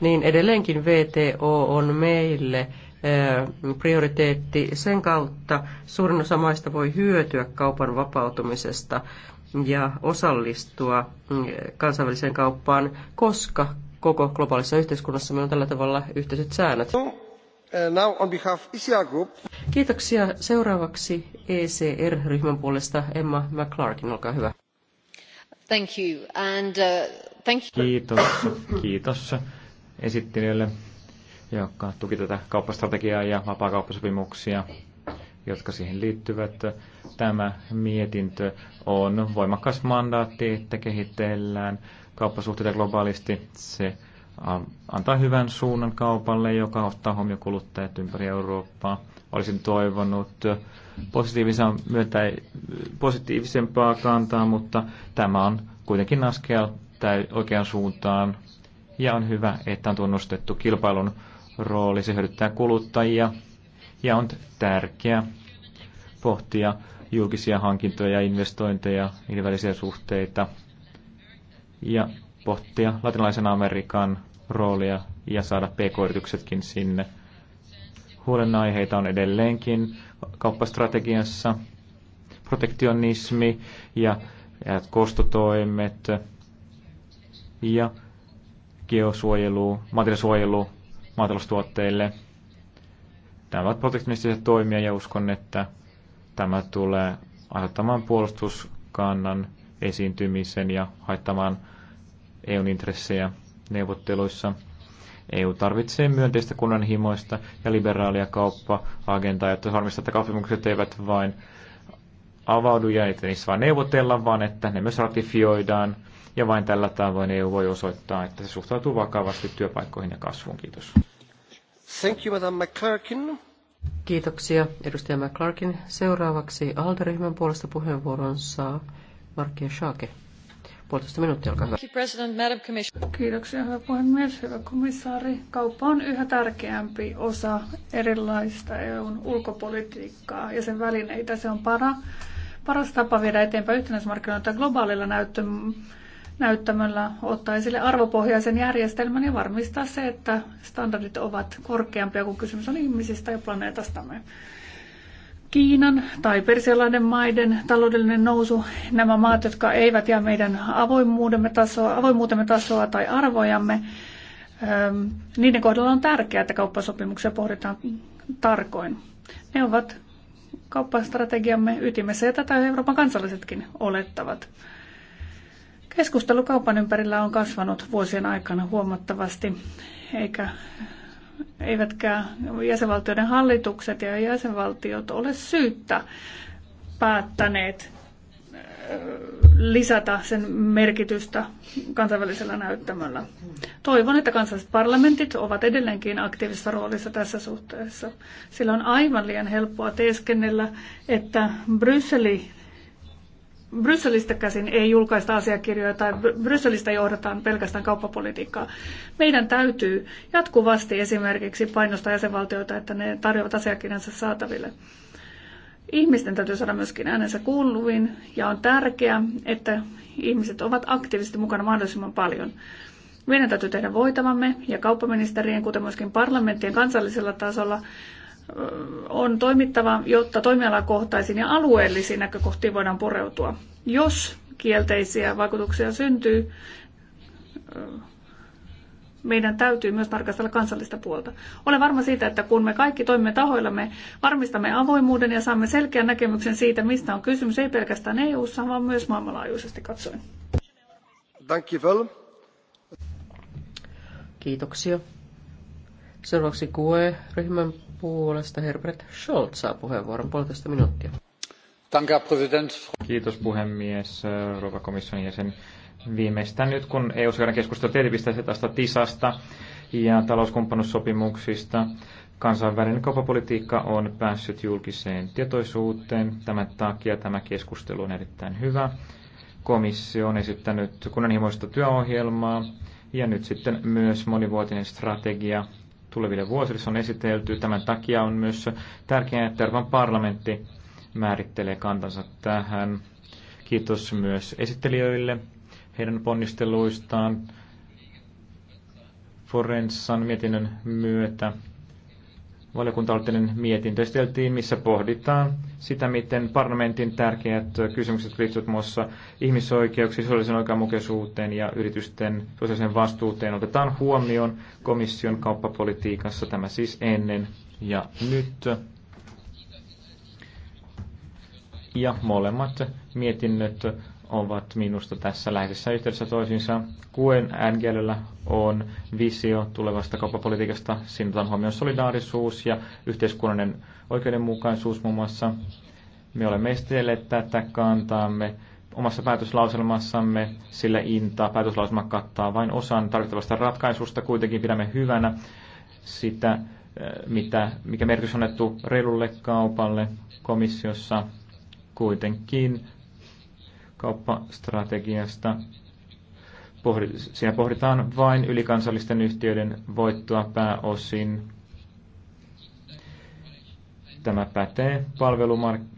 niin edelleenkin VTO on meille – prioriteetti. Sen kautta suurin osa maista voi hyötyä kaupan vapautumisesta ja osallistua mm, kansainväliseen kauppaan, koska koko globaalissa yhteiskunnassa meillä on tällä tavalla yhteiset säännöt. Uh, now on behalf ECR Group. Kiitoksia. Seuraavaksi ECR-ryhmän puolesta Emma McClarkin, olkaa hyvä. Thank you and, uh, thank you. Kiitos, kiitos esittelijöille joka tuki tätä kauppastrategiaa ja vapaakauppasopimuksia, jotka siihen liittyvät. Tämä mietintö on voimakas mandaatti, että kehitellään kauppasuhteita globaalisti. Se antaa hyvän suunnan kaupalle, joka ottaa huomioon kuluttajat ympäri Eurooppaa. Olisin toivonut myötä, positiivisempaa kantaa, mutta tämä on kuitenkin askel tai oikeaan suuntaan ja on hyvä, että on tunnustettu kilpailun rooli, se hyödyttää kuluttajia ja on tärkeä pohtia julkisia hankintoja ja investointeja, niiden välisiä suhteita ja pohtia latinalaisen Amerikan roolia ja saada pk-yrityksetkin sinne. Huolenaiheita on edelleenkin kauppastrategiassa, protektionismi ja kostotoimet ja geosuojelu, materiaalisuojelu maataloustuotteille. Nämä ovat protektionistisia toimia ja uskon, että tämä tulee aiheuttamaan puolustuskannan esiintymisen ja haittamaan EUn intressejä neuvotteluissa. EU tarvitsee myönteistä kunnanhimoista ja liberaalia kauppa-agendaa, jotta varmistaa, että kauppimukset eivät vain avaudu ja niissä vain neuvotella, vaan että ne myös ratifioidaan – ja vain tällä tavoin EU voi osoittaa, että se suhtautuu vakavasti työpaikkoihin ja kasvuun. Kiitos. Thank you, Madam McClarkin. Kiitoksia, edustaja McClarkin. Seuraavaksi ALDE-ryhmän puolesta puheenvuoron saa Markia Schake. Puolitoista minuuttia, olkaa hyvä. Kiitoksia, hyvä puhemies, hyvä komissaari. Kauppa on yhä tärkeämpi osa erilaista EUn ulkopolitiikkaa ja sen välineitä. Se on para, paras tapa viedä eteenpäin yhtenäismarkkinoita globaalilla näyttömyydellä näyttämällä ottaa esille arvopohjaisen järjestelmän ja varmistaa se, että standardit ovat korkeampia, kun kysymys on ihmisistä ja planeetastamme. Kiinan tai persialainen maiden taloudellinen nousu, nämä maat, jotka eivät jää meidän avoimuutemme tasoa, avoimuutemme tasoa tai arvojamme, ähm, niiden kohdalla on tärkeää, että kauppasopimuksia pohditaan tarkoin. Ne ovat kauppastrategiamme ytimessä ja tätä Euroopan kansallisetkin olettavat. Keskustelu kaupan ympärillä on kasvanut vuosien aikana huomattavasti, eikä, eivätkä jäsenvaltioiden hallitukset ja jäsenvaltiot ole syyttä päättäneet äh, lisätä sen merkitystä kansainvälisellä näyttämällä. Toivon, että kansalliset parlamentit ovat edelleenkin aktiivisessa roolissa tässä suhteessa. Sillä on aivan liian helppoa teeskennellä, että Brysseli Brysselistä käsin ei julkaista asiakirjoja tai Brysselistä johdetaan pelkästään kauppapolitiikkaa. Meidän täytyy jatkuvasti esimerkiksi painostaa jäsenvaltioita, että ne tarjoavat asiakirjansa saataville. Ihmisten täytyy saada myöskin äänensä kuuluviin ja on tärkeää, että ihmiset ovat aktiivisesti mukana mahdollisimman paljon. Meidän täytyy tehdä voitavamme ja kauppaministerien, kuten myöskin parlamenttien kansallisella tasolla, on toimittava, jotta toimialakohtaisiin ja alueellisiin näkökohtiin voidaan pureutua. Jos kielteisiä vaikutuksia syntyy, meidän täytyy myös tarkastella kansallista puolta. Olen varma siitä, että kun me kaikki toimimme tahoilla, me varmistamme avoimuuden ja saamme selkeän näkemyksen siitä, mistä on kysymys, ei pelkästään EU-ssa, vaan myös maailmanlaajuisesti katsoen. Kiitoksia. Seuraavaksi QE-ryhmän puolesta Herbert Scholz saa puheenvuoron puolitoista minuuttia. Kiitos puhemies, Euroopan komission jäsen. Viimeistään nyt, kun eu keskustelu tietysti tästä TISasta ja talouskumppanussopimuksista, kansainvälinen kauppapolitiikka on päässyt julkiseen tietoisuuteen. Tämän takia tämä keskustelu on erittäin hyvä. Komissio on esittänyt kunnianhimoista työohjelmaa ja nyt sitten myös monivuotinen strategia tuleville vuosille. Se on esitelty. Tämän takia on myös tärkeää, että Euroopan parlamentti määrittelee kantansa tähän. Kiitos myös esittelijöille heidän ponnisteluistaan Forensan mietinnön myötä valiokuntaaloitteinen mietintö esiteltiin, missä pohditaan sitä, miten parlamentin tärkeät kysymykset liittyvät muassa ihmisoikeuksiin, sosiaalisen oikeudenmukaisuuteen ja yritysten sosiaalisen vastuuteen otetaan huomioon komission kauppapolitiikassa, tämä siis ennen ja nyt. Ja molemmat mietinnöt ovat minusta tässä läheisessä yhteydessä toisiinsa. Kuen äänkielellä on visio tulevasta kauppapolitiikasta. Siinä otetaan huomioon solidaarisuus ja yhteiskunnallinen oikeudenmukaisuus muun muassa. Me olemme esitelleet tätä kantaamme omassa päätöslauselmassamme, sillä Inta päätöslauselma kattaa vain osan tarvittavasta ratkaisusta. Kuitenkin pidämme hyvänä sitä, eh, mitä, mikä merkitys on annettu reilulle kaupalle komissiossa. Kuitenkin kauppastrategiasta. Siinä pohditaan vain ylikansallisten yhtiöiden voittoa pääosin. Tämä pätee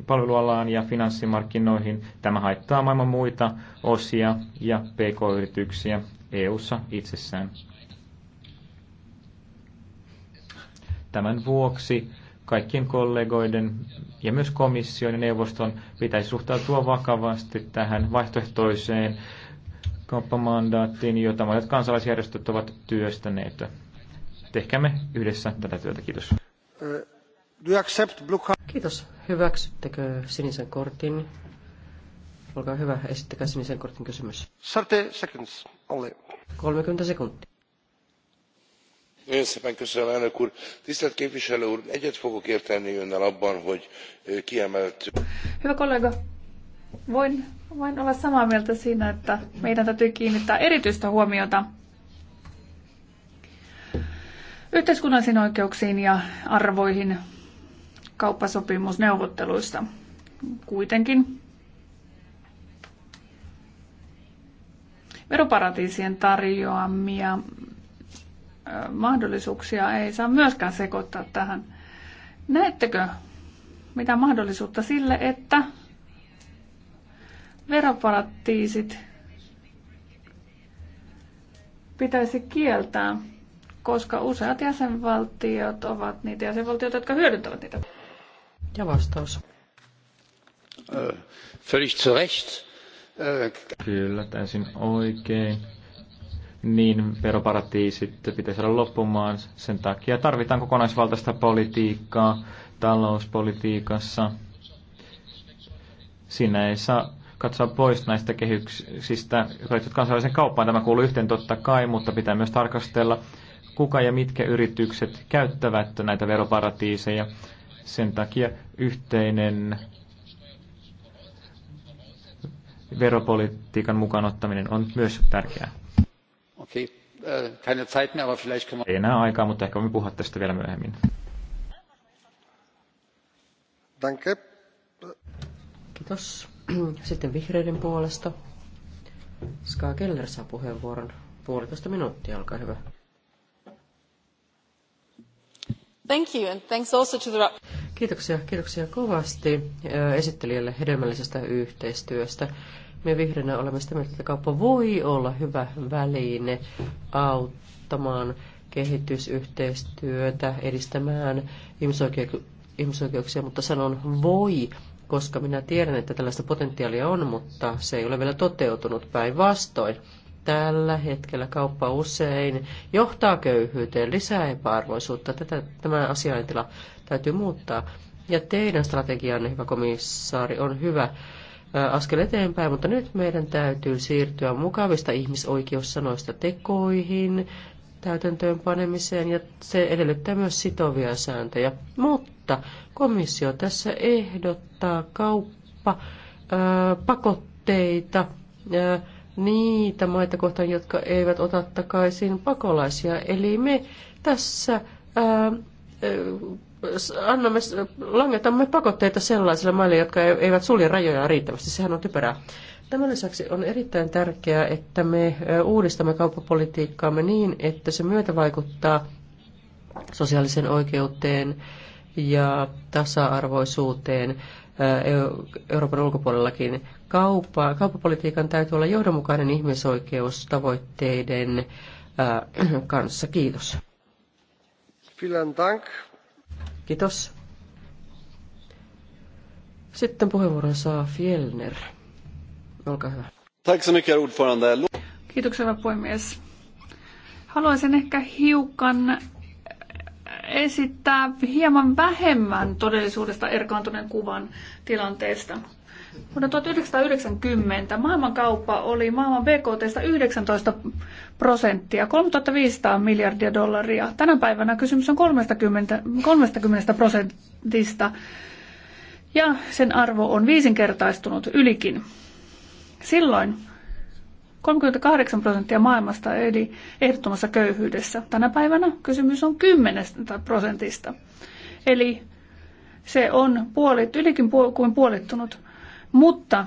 palvelualaan ja finanssimarkkinoihin. Tämä haittaa maailman muita osia ja pk-yrityksiä EU-ssa itsessään. Tämän vuoksi kaikkien kollegoiden ja myös komission ja neuvoston pitäisi suhtautua vakavasti tähän vaihtoehtoiseen kauppamandaattiin, jota monet kansalaisjärjestöt ovat työstäneet. Tehkäämme yhdessä tätä työtä. Kiitos. Kiitos. Hyväksyttekö sinisen kortin? Olkaa hyvä, esittäkää sinisen kortin kysymys. 30 sekuntia. 30 sekuntia tisztelt képviselő úr egyet fogok érteni önnel abban hogy kiemelt. hyvä kollega voin, voin olla samaa mieltä siinä että meidän täytyy kiinnittää erityistä huomiota yhteiskunnallisiin oikeuksiin ja arvoihin kauppasopimusneuvotteluissa. Kuitenkin veroparatiisien tarjoamia mahdollisuuksia ei saa myöskään sekoittaa tähän. Näettekö mitä mahdollisuutta sille, että veroparatiisit pitäisi kieltää, koska useat jäsenvaltiot ovat niitä jäsenvaltioita, jotka hyödyntävät niitä. Ja vastaus. Äh, völlig zu Recht. Äh, Kyllä, täysin oikein niin veroparatiisit pitäisi saada loppumaan. Sen takia tarvitaan kokonaisvaltaista politiikkaa talouspolitiikassa. Siinä ei saa katsoa pois näistä kehyksistä, Katsot kansainvälisen kauppaan. Tämä kuuluu yhteen totta kai, mutta pitää myös tarkastella, kuka ja mitkä yritykset käyttävät näitä veroparatiiseja. Sen takia yhteinen veropolitiikan mukaan ottaminen on myös tärkeää. Okay. Äh, keine Zeit mehr, aber vielleicht können wir... Ei enää aikaa, mutta ehkä voimme puhua tästä vielä myöhemmin. Danke. Kiitos. Sitten vihreiden puolesta. Ska Keller saa puheenvuoron. Puolitoista minuuttia, olkaa hyvä. Thank you and thanks also to the... Kiitoksia, kiitoksia kovasti äh, esittelijälle hedelmällisestä yhteistyöstä. Me vihreänä olemme sitä mieltä, että kauppa voi olla hyvä väline auttamaan kehitysyhteistyötä, edistämään ihmisoikeuksia, mutta sanon voi, koska minä tiedän, että tällaista potentiaalia on, mutta se ei ole vielä toteutunut päinvastoin. Tällä hetkellä kauppa usein johtaa köyhyyteen, lisää epäarvoisuutta. Tätä, tämä asiantila täytyy muuttaa. Ja teidän strategianne, hyvä komissaari, on hyvä askel eteenpäin, mutta nyt meidän täytyy siirtyä mukavista ihmisoikeussanoista tekoihin, täytäntöön panemiseen ja se edellyttää myös sitovia sääntöjä. Mutta komissio tässä ehdottaa kauppa ää, pakotteita ää, niitä maita kohtaan, jotka eivät ota takaisin pakolaisia. Eli me tässä ää, annamme, langetamme pakotteita sellaisille maille, jotka eivät sulje rajoja riittävästi. Sehän on typerää. Tämän lisäksi on erittäin tärkeää, että me uudistamme kauppapolitiikkaamme niin, että se vaikuttaa sosiaaliseen oikeuteen ja tasa-arvoisuuteen Euroopan ulkopuolellakin. Kauppa, kauppapolitiikan täytyy olla johdonmukainen ihmisoikeustavoitteiden kanssa. Kiitos. Vielen Dank. Kiitos. Sitten puheenvuoron saa Fjellner. Olkaa hyvä. Tack så mycket, ordförande. Kiitoksia, puhemies. Haluaisin ehkä hiukan eh, esittää hieman vähemmän todellisuudesta erkaantuneen kuvan tilanteesta. Vuonna 1990 maailmankauppa oli maailman BKT 19 prosenttia, 3500 miljardia dollaria. Tänä päivänä kysymys on 30, 30 prosentista ja sen arvo on viisinkertaistunut ylikin. Silloin 38 prosenttia maailmasta eli ehdottomassa köyhyydessä. Tänä päivänä kysymys on 10 prosentista. Eli se on puolit, ylikin puol- kuin puolittunut. Mutta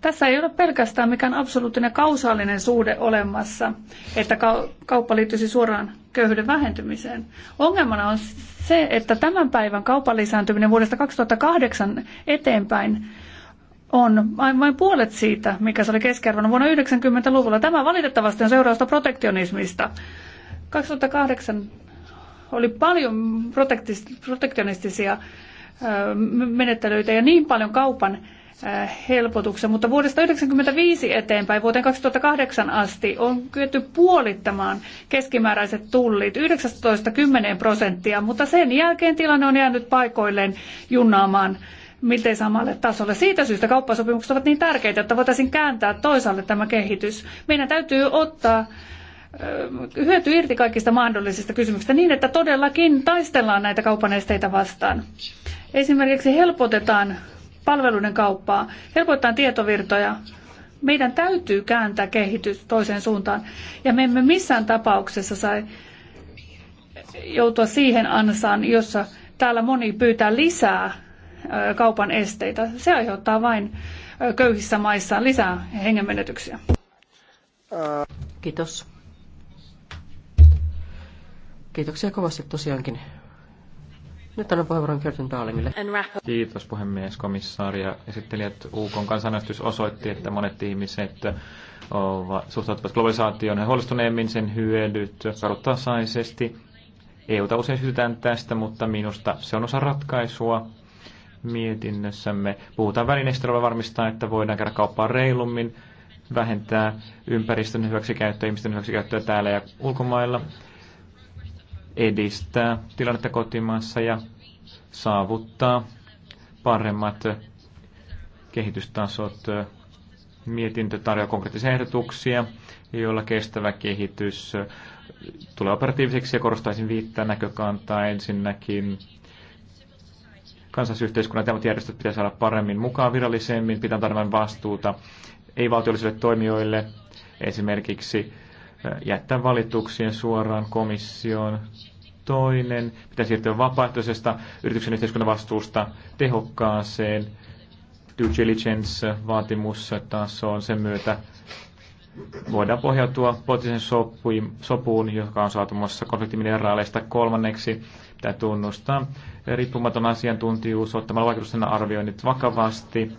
tässä ei ole pelkästään mikään absoluuttinen kausaalinen suhde olemassa, että kauppa liittyisi suoraan köyhyyden vähentymiseen. Ongelmana on se, että tämän päivän kaupan lisääntyminen vuodesta 2008 eteenpäin on vain puolet siitä, mikä se oli keskiarvona vuonna 90-luvulla. Tämä valitettavasti on seurausta protektionismista. 2008 oli paljon protektionistisia menettelyitä ja niin paljon kaupan helpotuksia, mutta vuodesta 1995 eteenpäin vuoteen 2008 asti on kyetty puolittamaan keskimääräiset tullit 19-10 prosenttia, mutta sen jälkeen tilanne on jäänyt paikoilleen junnaamaan miltei samalle tasolle. Siitä syystä kauppasopimukset ovat niin tärkeitä, että voitaisiin kääntää toisaalle tämä kehitys. Meidän täytyy ottaa hyöty irti kaikista mahdollisista kysymyksistä niin, että todellakin taistellaan näitä kaupan esteitä vastaan. Esimerkiksi helpotetaan palveluiden kauppaa, helpotetaan tietovirtoja. Meidän täytyy kääntää kehitys toiseen suuntaan. Ja me emme missään tapauksessa saa joutua siihen ansaan, jossa täällä moni pyytää lisää kaupan esteitä. Se aiheuttaa vain köyhissä maissa lisää hengenmenetyksiä. Kiitos. Kiitoksia kovasti tosiaankin nyt annan puheenvuoron Kertin Taalingille. Kiitos puhemies, komissaari ja esittelijät. UK kansanäänestys osoitti, että monet ihmiset ovat, suhtautuvat globalisaation ja huolestuneemmin sen hyödyt karottasaisesti. EUta usein syytetään tästä, mutta minusta se on osa ratkaisua. Mietinnössämme puhutaan välineistä, jolla varmistaa, että voidaan käydä kauppaa reilummin, vähentää ympäristön hyväksikäyttöä, ihmisten hyväksikäyttöä täällä ja ulkomailla edistää tilannetta kotimaassa ja saavuttaa paremmat kehitystasot. Mietintö tarjoaa konkreettisia ehdotuksia, joilla kestävä kehitys tulee operatiiviseksi ja korostaisin viittaa näkökantaa ensinnäkin. Kansallisyhteiskunnan ja järjestöt pitäisi saada paremmin mukaan virallisemmin, pitää tarvitsen vastuuta ei-valtiollisille toimijoille, esimerkiksi jättää valituksien suoraan komissioon. Toinen pitää siirtyä vapaaehtoisesta yrityksen yhteiskunnan vastuusta tehokkaaseen due diligence-vaatimustasoon. Sen myötä voidaan pohjautua poliittisen sopuun, sopuun joka on saatu konfliktimineraaleista kolmanneksi. Pitää tunnustaa riippumaton asiantuntijuus ottamalla vaikutusten arvioinnit vakavasti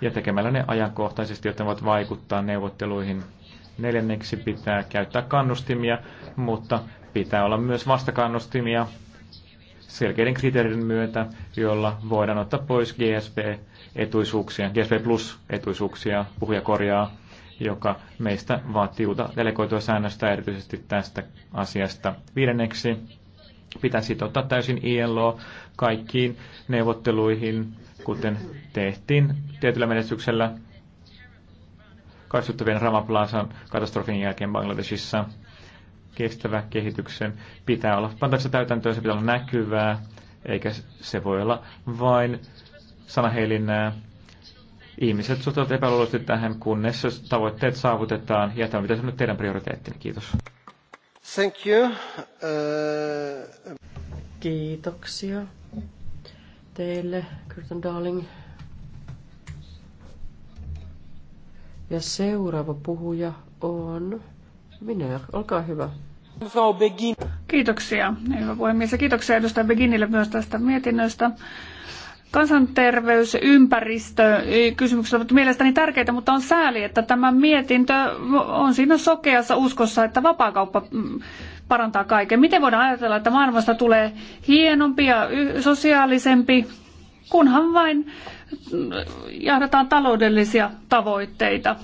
ja tekemällä ne ajankohtaisesti, jotta ne voivat vaikuttaa neuvotteluihin. Neljänneksi pitää käyttää kannustimia, mutta pitää olla myös vastakannustimia selkeiden kriteerien myötä, jolla voidaan ottaa pois GSP-etuisuuksia, GSP Plus-etuisuuksia, puhuja korjaa, joka meistä vaatii uutta delegoitua säännöstä erityisesti tästä asiasta. Viidenneksi pitää sitouttaa täysin ILO kaikkiin neuvotteluihin, kuten tehtiin tietyllä menestyksellä kaasuttavien Ramaplansan katastrofin jälkeen Bangladesissa. Kestävä kehityksen pitää olla pantaksessa täytäntöön, se pitää olla näkyvää, eikä se voi olla vain sanahelinää. Ihmiset suhtautuvat epäluuloisesti tähän, kunnes tavoitteet saavutetaan, ja tämä pitäisi olla teidän prioriteettinne. Kiitos. Thank you. Uh... Kiitoksia teille, Kirsten Darling. Ja seuraava puhuja on minä. Olkaa hyvä. Kiitoksia, hyvä puhemies. Ja kiitoksia edustaja Beginille myös tästä mietinnöstä. Kansanterveys, ja ympäristökysymykset ovat mielestäni tärkeitä, mutta on sääli, että tämä mietintö on siinä sokeassa uskossa, että vapaakauppa mm, parantaa kaiken. Miten voidaan ajatella, että maailmasta tulee hienompi ja sosiaalisempi kunhan vain jahdataan taloudellisia tavoitteita.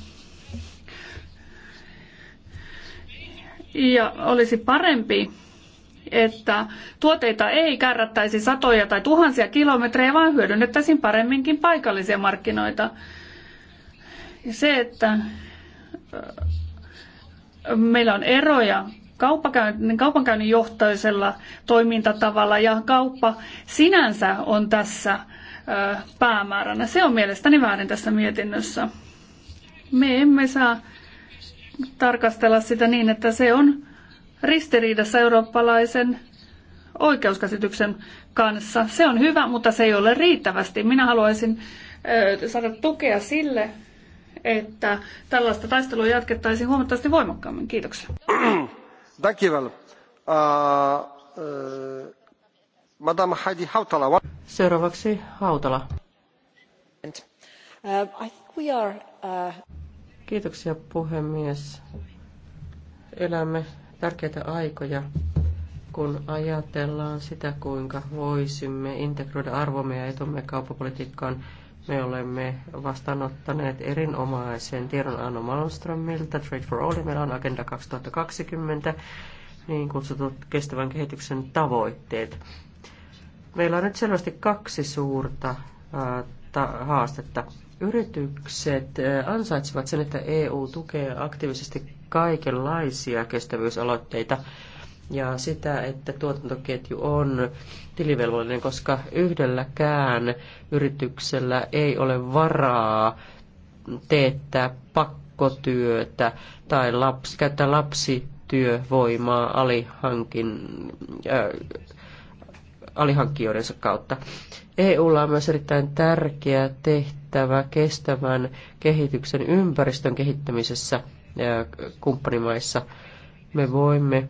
Ja olisi parempi, että tuotteita ei kärrättäisi satoja tai tuhansia kilometrejä, vaan hyödynnettäisiin paremminkin paikallisia markkinoita. Ja se, että meillä on eroja kaupankäynnin johtaisella toimintatavalla ja kauppa sinänsä on tässä päämääränä. Se on mielestäni väärin tässä mietinnössä. Me emme saa tarkastella sitä niin, että se on ristiriidassa eurooppalaisen oikeuskäsityksen kanssa. Se on hyvä, mutta se ei ole riittävästi. Minä haluaisin saada tukea sille, että tällaista taistelua jatkettaisiin huomattavasti voimakkaammin. Kiitoksia. Uh, uh, Seuraavaksi Hautala. Uh, Kiitoksia puhemies. Elämme tärkeitä aikoja, kun ajatellaan sitä, kuinka voisimme integroida arvomme ja etumme kauppapolitiikkaan me olemme vastaanottaneet erinomaisen tiedonannon Malmströmiltä, Trade for All, meillä on Agenda 2020, niin kutsutut kestävän kehityksen tavoitteet. Meillä on nyt selvästi kaksi suurta äh, haastetta. Yritykset äh, ansaitsevat sen, että EU tukee aktiivisesti kaikenlaisia kestävyysaloitteita ja sitä, että tuotantoketju on tilivelvollinen, koska yhdelläkään yrityksellä ei ole varaa teettää pakkotyötä tai lapsi, käyttää lapsityövoimaa alihankin, äh, alihankkijoidensa kautta. EUlla on myös erittäin tärkeä tehtävä kestävän kehityksen ympäristön kehittämisessä äh, kumppanimaissa. Me voimme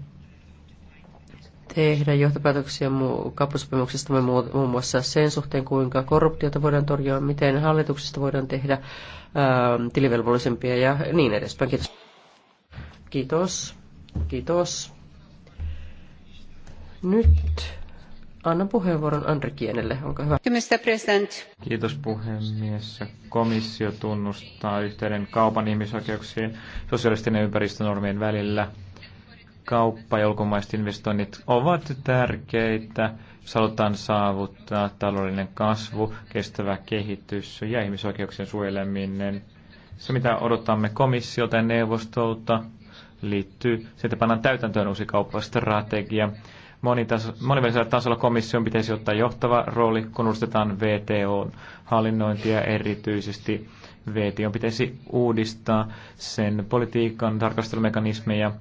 tehdä johtopäätöksiä kauppasopimuksestamme muun muassa sen suhteen, kuinka korruptiota voidaan torjua, miten hallituksesta voidaan tehdä ää, ähm, tilivelvollisempia ja niin edespäin. Kiitos. Kiitos. Kiitos. Nyt annan puheenvuoron Andri Kienelle. Olkaa hyvä. Kiitos puhemies. Komissio tunnustaa yhteyden kaupan ihmisoikeuksiin sosiaalisten ja ympäristönormien välillä – kauppa ja ulkomaiset investoinnit ovat tärkeitä, jos halutaan saavuttaa taloudellinen kasvu, kestävä kehitys ja ihmisoikeuksien suojeleminen. Se, mitä odotamme komissiolta ja neuvostolta, liittyy se, että pannaan täytäntöön uusi kauppastrategia. monivälisellä tasolla komission pitäisi ottaa johtava rooli, kun uudistetaan VTO-hallinnointia erityisesti VTO pitäisi uudistaa sen politiikan tarkastelumekanismeja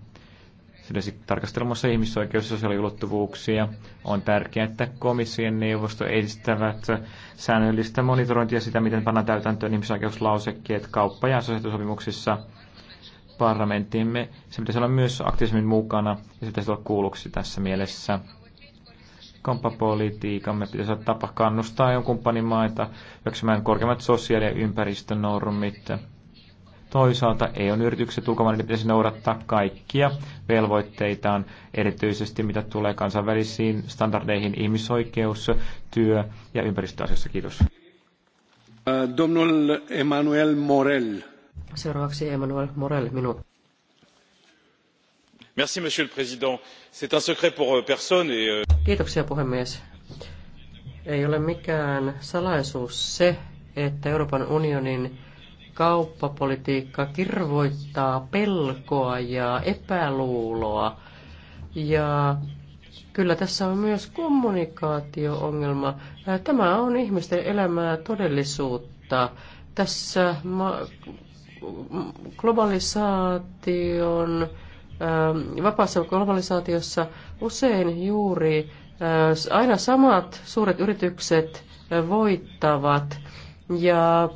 yhteydessä tarkastelemassa ihmisoikeus- ja sosiaaliulottuvuuksia. On tärkeää, että komission neuvosto edistävät säännöllistä monitorointia sitä, miten pannaan täytäntöön ihmisoikeuslausekkeet kauppa- ja sosiaalisopimuksissa parlamenttiimme. Se pitäisi olla myös aktiivisemmin mukana ja se pitäisi olla kuulluksi tässä mielessä. Kampapolitiikamme pitäisi olla tapa kannustaa jonkun kumppanimaita hyväksymään korkeimmat sosiaali- ja ympäristönormit Toisaalta EUn yritykset ulkomaille pitäisi noudattaa kaikkia velvoitteitaan, erityisesti mitä tulee kansainvälisiin standardeihin ihmisoikeus, työ ja ympäristöasioissa. Kiitos. Äh, domnul Emmanuel Morel. Seuraavaksi Emmanuel Morel, Merci, monsieur le président c'est un secret pour euh, personne et euh, Kiitoksia puhemies. Ei ole mikään salaisuus se, että Euroopan unionin kauppapolitiikka kirvoittaa pelkoa ja epäluuloa. Ja kyllä tässä on myös kommunikaatio-ongelma. Tämä on ihmisten elämää todellisuutta. Tässä globalisaation, vapaassa globalisaatiossa usein juuri aina samat suuret yritykset voittavat ja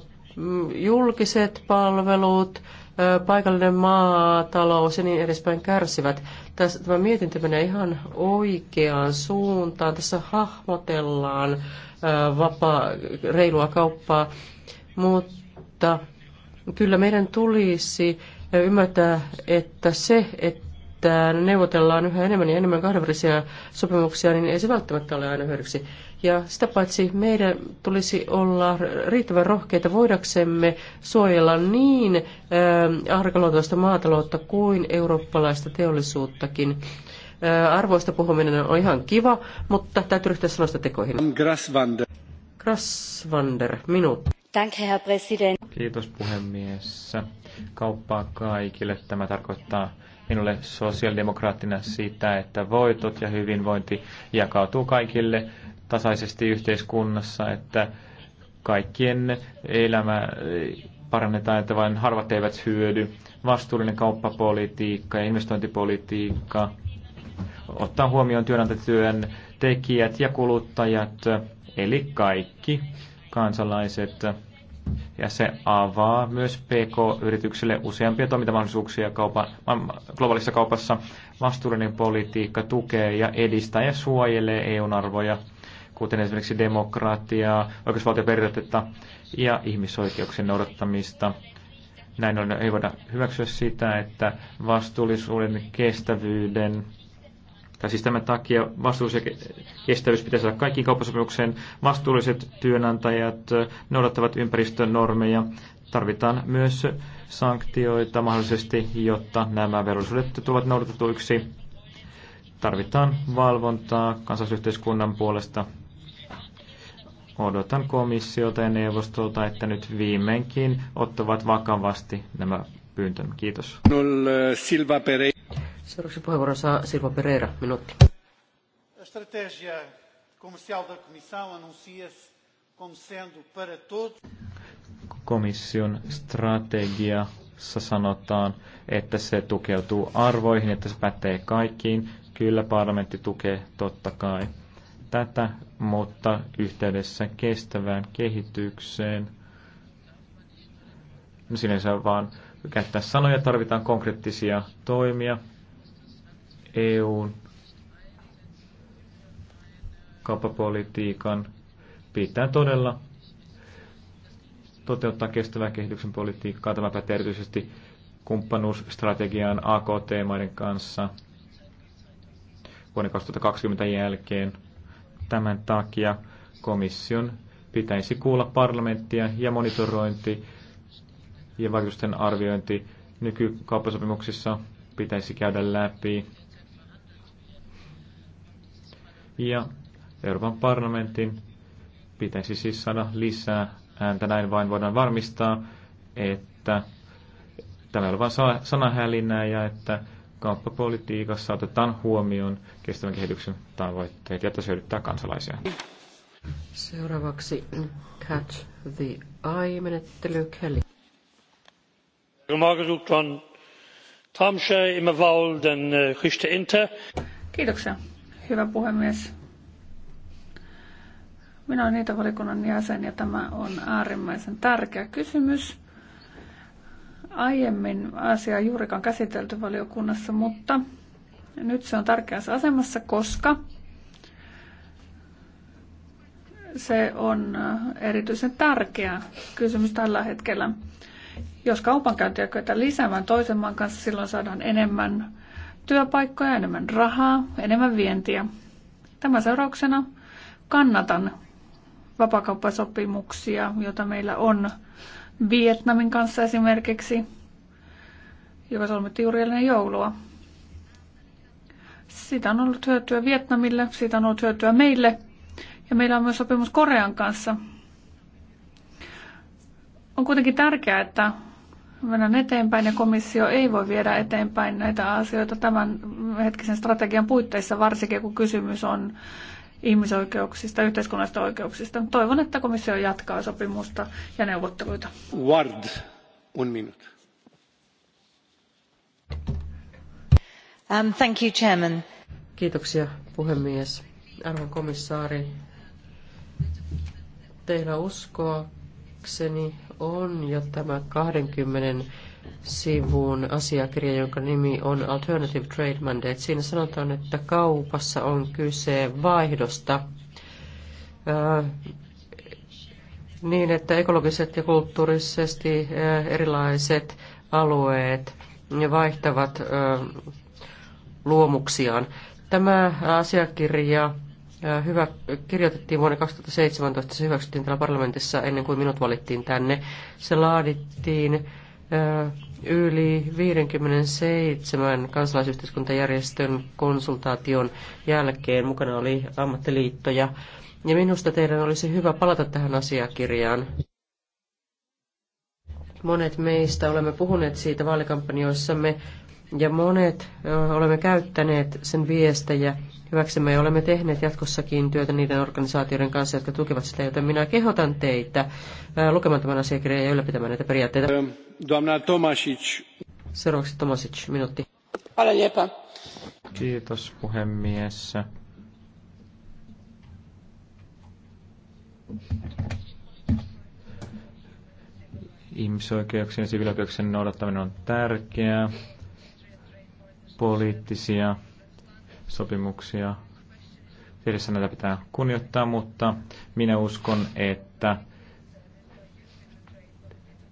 julkiset palvelut, paikallinen maatalous ja niin edespäin kärsivät. Tässä, tämä mietintö menee ihan oikeaan suuntaan. Tässä hahmotellaan vapaa, reilua kauppaa, mutta kyllä meidän tulisi ymmärtää, että se, että neuvotellaan yhä enemmän ja enemmän kahdenvälisiä sopimuksia, niin ei se välttämättä ole aina hyödyksi. Ja sitä paitsi meidän tulisi olla riittävän rohkeita voidaksemme suojella niin arkaluontoista maataloutta kuin eurooppalaista teollisuuttakin. Arvoista puhuminen on ihan kiva, mutta täytyy ryhtyä sanoista tekoihin. Grasvander. Grasvander, minuutti. Kiitos puhemies. Kauppaa kaikille. Tämä tarkoittaa minulle sosiaalidemokraattina sitä, että voitot ja hyvinvointi jakautuu kaikille tasaisesti yhteiskunnassa, että kaikkien elämä parannetaan, että vain harvat eivät hyödy. Vastuullinen kauppapolitiikka ja investointipolitiikka ottaa huomioon työnantajatyön tekijät ja kuluttajat, eli kaikki kansalaiset. Ja se avaa myös PK-yrityksille useampia toimintamahdollisuuksia kaupan, globaalissa kaupassa. Vastuullinen politiikka tukee ja edistää ja suojelee eu arvoja – kuten esimerkiksi demokratiaa, oikeusvaltioperiaatetta ja ihmisoikeuksien noudattamista. Näin on ei voida hyväksyä sitä, että vastuullisuuden, kestävyyden, tai siis tämän takia vastuullisuus ja kestävyys pitäisi saada kaikkiin kauppasopimukseen. Vastuulliset työnantajat noudattavat ympäristönormeja. Tarvitaan myös sanktioita mahdollisesti, jotta nämä velvollisuudet tulevat noudatetuiksi tarvitaan valvontaa kansallisyhteiskunnan puolesta Odotan komissiota ja neuvostolta, että nyt viimeinkin ottavat vakavasti nämä pyyntömme. Kiitos. Eh, Silva Pereira. Seuraavaksi puheenvuoron saa Silva Pereira, minuutti. Strategia comercial da Comissão anuncia como sendo para todos. Komission strategiassa sanotaan, että se tukeutuu arvoihin, että se pätee kaikkiin. Kyllä parlamentti tukee totta kai tätä, mutta yhteydessä kestävään kehitykseen. No, Sinänsä vaan käyttää sanoja, tarvitaan konkreettisia toimia. EUn kauppapolitiikan pitää todella toteuttaa kestävän kehityksen politiikkaa. Tämä pätee erityisesti kumppanuusstrategiaan AKT-maiden kanssa vuoden 2020 jälkeen – Tämän takia komission pitäisi kuulla parlamenttia ja monitorointi ja vaikutusten arviointi nykykauppasopimuksissa pitäisi käydä läpi. Ja Euroopan parlamentin pitäisi siis saada lisää ääntä. Näin vain voidaan varmistaa, että tämä on vain sanahälinää ja että kauppapolitiikassa otetaan huomioon kestävän kehityksen tavoitteet ja että kansalaisia. Seuraavaksi Catch the Eye-menettely Kelly. Eh, Kiitoksia, hyvä puhemies. Minä olen niitä valikunnan jäsen ja tämä on äärimmäisen tärkeä kysymys aiemmin asiaa juurikaan käsitelty valiokunnassa, mutta nyt se on tärkeässä asemassa, koska se on äh, erityisen tärkeä kysymys tällä hetkellä. Jos kaupankäyntiä kyetään lisäämään toisen maan kanssa, silloin saadaan enemmän työpaikkoja, enemmän rahaa, enemmän vientiä. Tämän seurauksena kannatan vapakauppasopimuksia, joita meillä on Vietnamin kanssa esimerkiksi, joka solmitti juuri ennen joulua. Siitä on ollut hyötyä Vietnamille, siitä on ollut hyötyä meille ja meillä on myös sopimus Korean kanssa. On kuitenkin tärkeää, että mennään eteenpäin ja komissio ei voi viedä eteenpäin näitä asioita tämän hetkisen strategian puitteissa, varsinkin kun kysymys on ihmisoikeuksista, ja yhteiskunnallisista oikeuksista. Toivon, että komissio jatkaa sopimusta ja neuvotteluita. Ward, un minut. Um, thank you, chairman. Kiitoksia, puhemies. Arvon komissaari, teillä uskoakseni on jo tämä 20 sivun asiakirja, jonka nimi on Alternative Trade Mandate. Siinä sanotaan, että kaupassa on kyse vaihdosta äh, niin, että ekologiset ja kulttuurisesti äh, erilaiset alueet vaihtavat äh, luomuksiaan. Tämä asiakirja hyvä, kirjoitettiin vuonna 2017, se hyväksyttiin täällä parlamentissa ennen kuin minut valittiin tänne. Se laadittiin yli 57 kansalaisyhteiskuntajärjestön konsultaation jälkeen. Mukana oli ammattiliittoja. Ja minusta teidän olisi hyvä palata tähän asiakirjaan. Monet meistä olemme puhuneet siitä vaalikampanjoissamme ja monet olemme käyttäneet sen viestejä hyväksemme ja olemme tehneet jatkossakin työtä niiden organisaatioiden kanssa, jotka tukevat sitä, joten minä kehotan teitä lukemaan tämän asiakirjan ja ylläpitämään näitä periaatteita arvoisa Tomasic. Tomasic, puhemies. Ihmisoikeuksien ja siviilioikeuksien noudattaminen on tärkeää. Poliittisia sopimuksia. Tietysti näitä pitää kunnioittaa, mutta minä uskon, että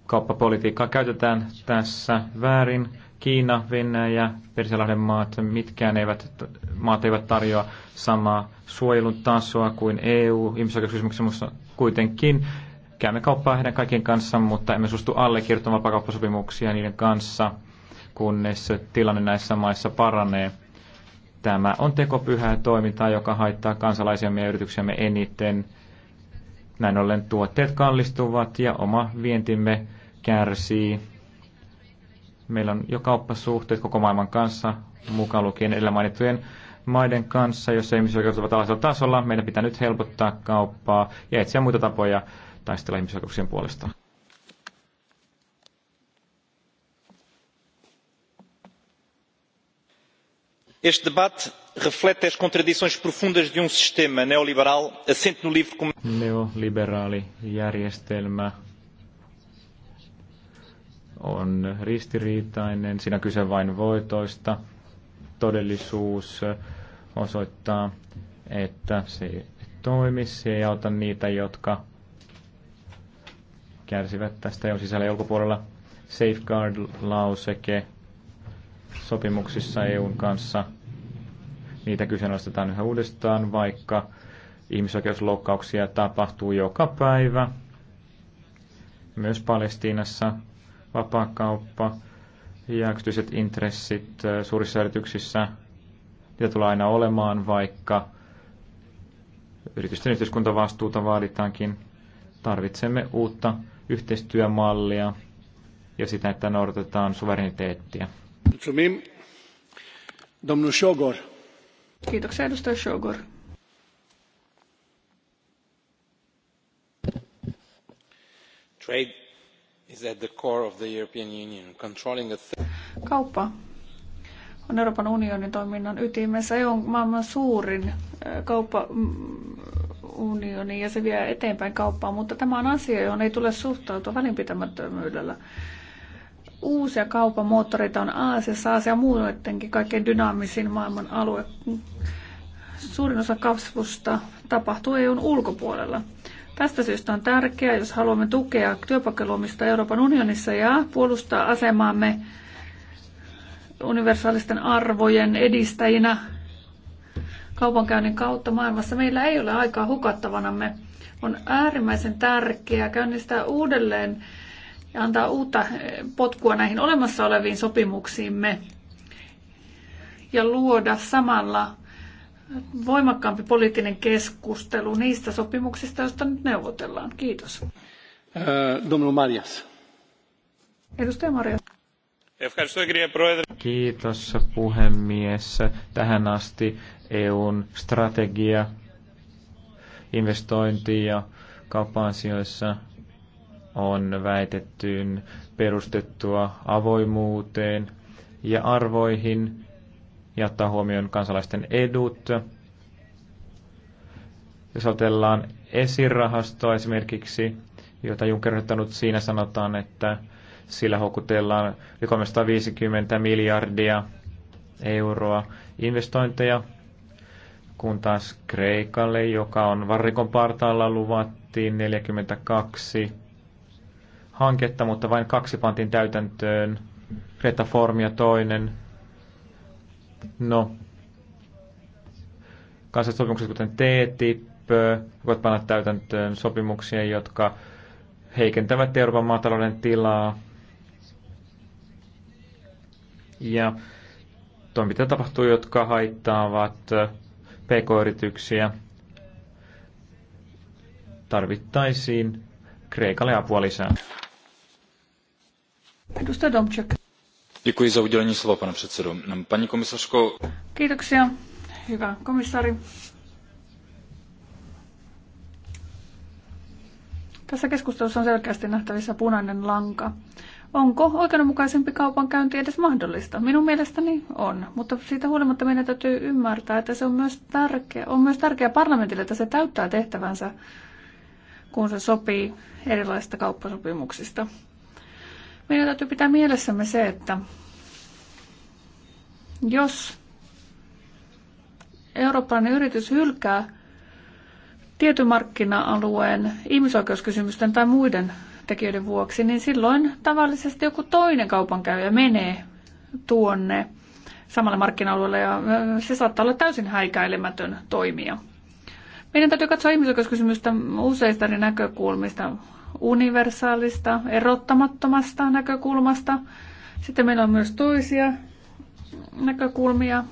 kauppapolitiikkaa käytetään tässä väärin. Kiina, Venäjä, Persialahden maat, mitkään eivät, maat eivät tarjoa samaa suojelun tasoa kuin EU. Ihmisoikeuskysymyksessä kuitenkin käymme kauppaa heidän kaikkien kanssa, mutta emme suostu allekirjoittamaan vapakauppasopimuksia niiden kanssa, kunnes tilanne näissä maissa paranee. Tämä on tekopyhää toimintaa, joka haittaa kansalaisiamme ja yrityksiämme eniten. Näin ollen tuotteet kallistuvat ja oma vientimme kärsii. Meillä on jo kauppasuhteet koko maailman kanssa, mukaan lukien edellä mainittujen maiden kanssa, jos ihmisoikeudet ovat alhaisella tasolla. Meidän pitää nyt helpottaa kauppaa ja etsiä muita tapoja taistella ihmisoikeuksien puolesta reflete as contradições profundas de um sistema neoliberal assente no livre Neoliberaali järjestelmä on ristiriitainen, siinä kyse vain voitoista. Todellisuus osoittaa, että se ei toimi, se ei auta niitä, jotka kärsivät tästä jo sisällä ulkopuolella. Safeguard-lauseke sopimuksissa EUn kanssa – niitä kyseenalaistetaan yhä uudestaan, vaikka ihmisoikeusloukkauksia tapahtuu joka päivä. Myös Palestiinassa vapaakauppa ja yksityiset intressit äh, suurissa yrityksissä, niitä tulee aina olemaan, vaikka yritysten yhteiskuntavastuuta vaaditaankin. Tarvitsemme uutta yhteistyömallia ja sitä, että noudatetaan suvereniteettia. Domnul Șogor. Kiitoksia edustaja Shogor. Trade is at the core of the European Union, controlling a Kauppa on Euroopan unionin toiminnan ytimessä. EU on maailman suurin äh, kauppaunioni mm, ja se vie eteenpäin kauppaa, mutta tämä on asia, johon ei tule suhtautua välinpitämättömyydellä uusia kaupan moottoreita on Aasiassa. Aasia on muutenkin kaikkein dynaamisin maailman alue. Suurin osa kasvusta tapahtuu EUn ulkopuolella. Tästä syystä on tärkeää, jos haluamme tukea työpaikkaluomista Euroopan unionissa ja puolustaa asemaamme universaalisten arvojen edistäjinä kaupankäynnin kautta maailmassa. Meillä ei ole aikaa hukattavanamme. On äärimmäisen tärkeää käynnistää uudelleen ja antaa uutta eh, potkua näihin olemassa oleviin sopimuksiimme ja luoda samalla voimakkaampi poliittinen keskustelu niistä sopimuksista, joista nyt neuvotellaan. Kiitos. Eh, domnul Marias. Edustaja Marias. Kiitos puhemies. Tähän asti EUn strategia investointi- ja kauppa asioissa on väitettyyn perustettua avoimuuteen ja arvoihin ja ottaa huomioon kansalaisten edut. Jos ajatellaan esirahastoa esimerkiksi, jota Juncker on ottanut, siinä sanotaan, että sillä houkutellaan 350 miljardia euroa investointeja, kun taas Kreikalle, joka on varrikon partaalla, luvattiin 42 hanketta, mutta vain kaksi pantiin täytäntöön. Greta Form ja toinen. No, kansalliset sopimukset, kuten TTIP, voivat panna täytäntöön sopimuksia, jotka heikentävät Euroopan maatalouden tilaa. Ja toimintaa tapahtuu, jotka haittaavat pk-yrityksiä. Tarvittaisiin Kreikalle apua lisää. Domček. pane předsedající Paní komisařko... Tässä keskustelussa on selkeästi nähtävissä punainen lanka. Onko oikeudenmukaisempi kaupankäynti edes mahdollista? Minun mielestäni on, mutta siitä huolimatta meidän täytyy ymmärtää, että se on myös tärkeä, on myös tärkeä parlamentille, että se täyttää tehtävänsä, kun se sopii erilaisista kauppasopimuksista meidän täytyy pitää mielessämme se, että jos eurooppalainen yritys hylkää tietyn markkina-alueen ihmisoikeuskysymysten tai muiden tekijöiden vuoksi, niin silloin tavallisesti joku toinen kaupankäyjä menee tuonne samalle markkina-alueelle ja se saattaa olla täysin häikäilemätön toimija. Meidän täytyy katsoa ihmisoikeuskysymystä useista eri näkökulmista universaalista, erottamattomasta näkökulmasta. Sitten meillä on myös toisia näkökulmia.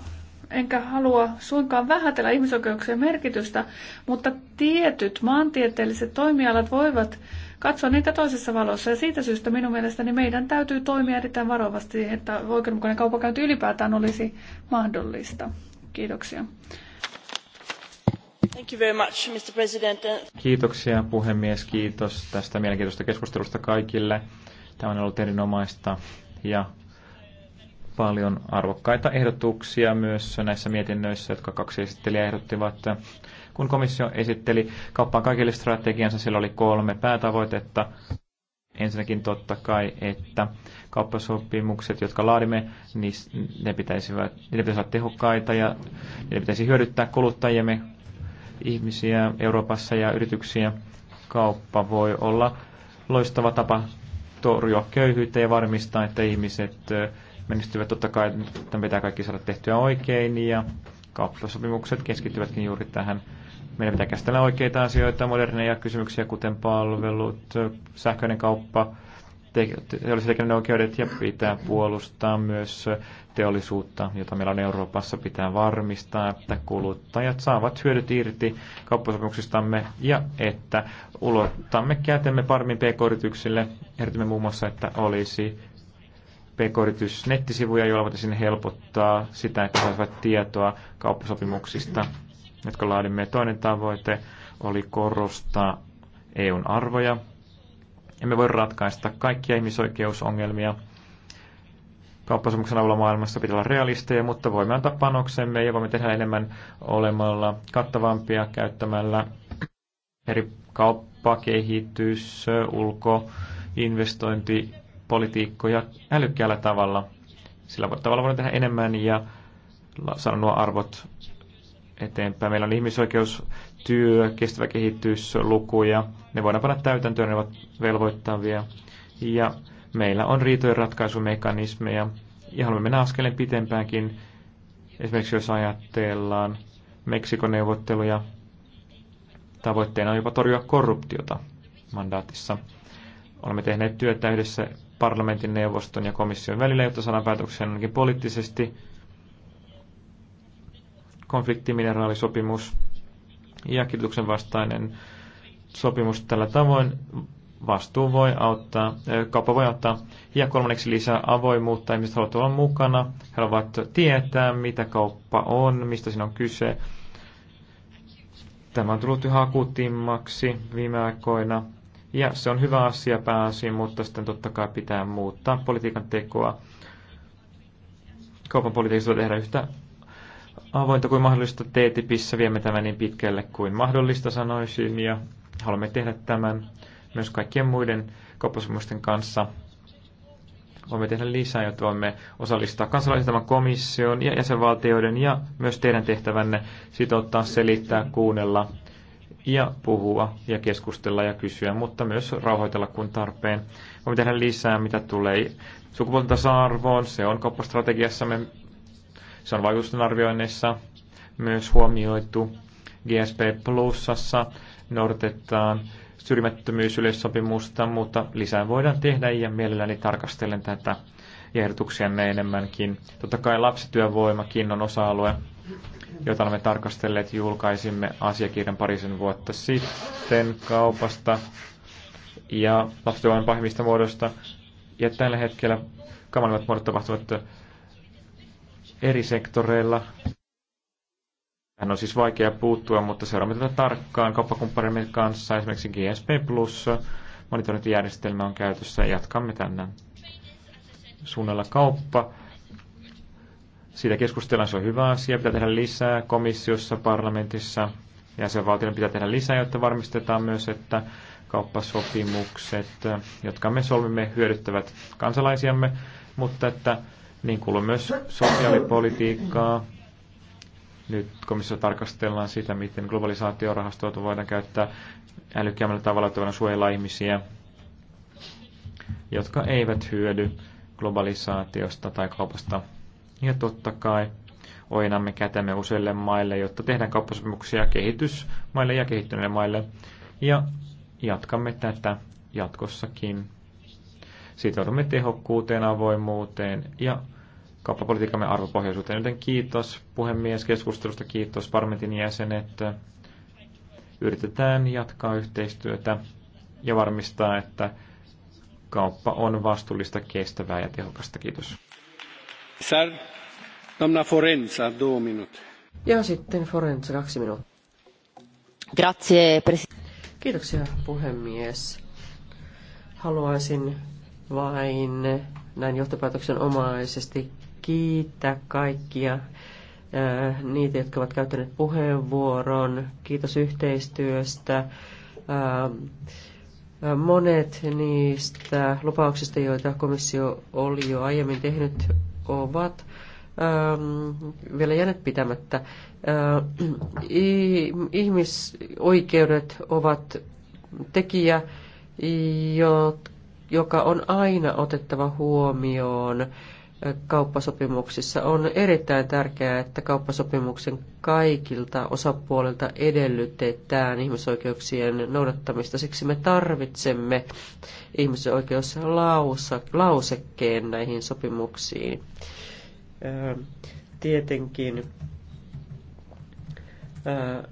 Enkä halua suinkaan vähätellä ihmisoikeuksien merkitystä, mutta tietyt maantieteelliset toimialat voivat katsoa niitä toisessa valossa. Ja siitä syystä minun mielestäni meidän täytyy toimia erittäin varovasti, että oikeudenmukainen kaupankäynti ylipäätään olisi mahdollista. Kiitoksia. Kiitoksia puhemies, kiitos tästä mielenkiintoista keskustelusta kaikille. Tämä on ollut erinomaista ja paljon arvokkaita ehdotuksia myös näissä mietinnöissä, jotka kaksi esittelijää ehdottivat. Kun komissio esitteli kauppaan kaikille strategiansa, siellä oli kolme päätavoitetta. Ensinnäkin totta kai, että kauppasopimukset, jotka laadimme, niin ne pitäisi, ne pitäisi olla tehokkaita ja ne pitäisi hyödyttää kuluttajiemme ihmisiä Euroopassa ja yrityksiä. Kauppa voi olla loistava tapa torjua köyhyyttä ja varmistaa, että ihmiset menestyvät. Totta kai tämän pitää kaikki saada tehtyä oikein ja kauppasopimukset keskittyvätkin juuri tähän. Meidän pitää käsitellä oikeita asioita, moderneja kysymyksiä, kuten palvelut, sähköinen kauppa, teollisuustekijän oikeudet ja pitää puolustaa myös teollisuutta, jota meillä on Euroopassa. Pitää varmistaa, että kuluttajat saavat hyödyt irti kauppasopimuksistamme ja että ulottamme kätemme paremmin pk-yrityksille. Ehdotimme muun muassa, että olisi pk nettisivuja, joilla voitaisiin helpottaa sitä, että saisivat tietoa kauppasopimuksista, jotka laadimme. Toinen tavoite oli korostaa EUn arvoja, emme voi ratkaista kaikkia ihmisoikeusongelmia. Kauppasopimuksen avulla maailmassa pitää olla realisteja, mutta voimme antaa panoksemme ja voimme tehdä enemmän olemalla kattavampia käyttämällä eri kauppakehitys, ulko, politiikkoja älykkäällä tavalla. Sillä tavalla voidaan tehdä enemmän ja saada nuo arvot eteenpäin. Meillä on ihmisoikeus, kestävä kehitys, lukuja. Ne voidaan panna täytäntöön, ne ovat velvoittavia. Ja meillä on riitojen ratkaisumekanismeja. Ja haluamme mennä askeleen pitempäänkin. Esimerkiksi jos ajatellaan Meksikon neuvotteluja, tavoitteena on jopa torjua korruptiota mandaatissa. Olemme tehneet työtä yhdessä parlamentin, neuvoston ja komission välillä, jotta saadaan päätöksiä ainakin poliittisesti konfliktimineraalisopimus ja kidutuksen vastainen sopimus tällä tavoin. Vastuu voi auttaa, kauppa voi auttaa. Ja kolmanneksi lisää avoimuutta. Ihmiset haluavat olla mukana. He haluavat tietää, mitä kauppa on, mistä siinä on kyse. Tämä on tullut yhä akuutimmaksi viime aikoina. Ja se on hyvä asia pääasiin, mutta sitten totta kai pitää muuttaa politiikan tekoa. Kaupan politiikasta voi tehdä yhtä avointa kuin mahdollista TTIPissä, viemme tämän niin pitkälle kuin mahdollista sanoisin ja haluamme tehdä tämän myös kaikkien muiden kauppasopimusten kanssa. Voimme tehdä lisää, jotta voimme osallistaa kansalaisen tämän komission ja jäsenvaltioiden ja myös teidän tehtävänne sitouttaa, selittää, kuunnella ja puhua ja keskustella ja kysyä, mutta myös rauhoitella kun tarpeen. Voimme tehdä lisää, mitä tulee sukupuolten tasa-arvoon. Se on kauppastrategiassamme se on vaikutusten arvioinnissa myös huomioitu GSP Plusassa. Noudatetaan syrjimättömyysyleissopimusta, mutta lisää voidaan tehdä ja mielelläni tarkastelen tätä ehdotuksia enemmänkin. Totta kai lapsityövoimakin on osa-alue, jota olemme tarkastelleet. Julkaisimme asiakirjan parisen vuotta sitten kaupasta ja lapsityövoiman pahimmista muodoista. Ja tällä hetkellä kamalimmat muodot tapahtuvat eri sektoreilla. Tähän on siis vaikea puuttua, mutta seuraamme tätä tarkkaan kauppakumppanimme kanssa, esimerkiksi GSP+, monitorointijärjestelmä on käytössä, jatkamme tänne suunnalla kauppa. Siitä keskustellaan, se on hyvä asia, pitää tehdä lisää komissiossa, parlamentissa, jäsenvaltioiden pitää tehdä lisää, jotta varmistetaan myös, että kauppasopimukset, jotka me solmimme, hyödyttävät kansalaisiamme, mutta että niin kuuluu myös sosiaalipolitiikkaa. Nyt komissio tarkastellaan sitä, miten globalisaatiorahastoa voidaan käyttää älykkäämmällä tavalla, että voidaan suojella ihmisiä, jotka eivät hyödy globalisaatiosta tai kaupasta. Ja totta kai oinamme kätemme useille maille, jotta tehdään kauppasopimuksia kehitysmaille ja kehittyneille maille. Ja jatkamme tätä jatkossakin. Sitoudumme tehokkuuteen, avoimuuteen ja kauppapolitiikamme arvopohjaisuuteen. Joten kiitos puhemies keskustelusta, kiitos parlamentin jäsenet. Yritetään jatkaa yhteistyötä ja varmistaa, että kauppa on vastuullista, kestävää ja tehokasta. Kiitos. Sir, domna Forenza, due Ja sitten Forenza, kaksi minuuttia. Grazie, presidente. Kiitoksia, puhemies. Haluaisin vain näin johtopäätöksen omaisesti kiittää kaikkia äh, niitä, jotka ovat käyttäneet puheenvuoron. Kiitos yhteistyöstä. Äh, äh, monet niistä lupauksista, joita komissio oli jo aiemmin tehnyt, ovat ähm, vielä jäänyt pitämättä. Äh, ihmisoikeudet ovat tekijä, jotka joka on aina otettava huomioon kauppasopimuksissa. On erittäin tärkeää, että kauppasopimuksen kaikilta osapuolilta edellytetään ihmisoikeuksien noudattamista. Siksi me tarvitsemme ihmisoikeuslausekkeen näihin sopimuksiin. Ähm, tietenkin äh,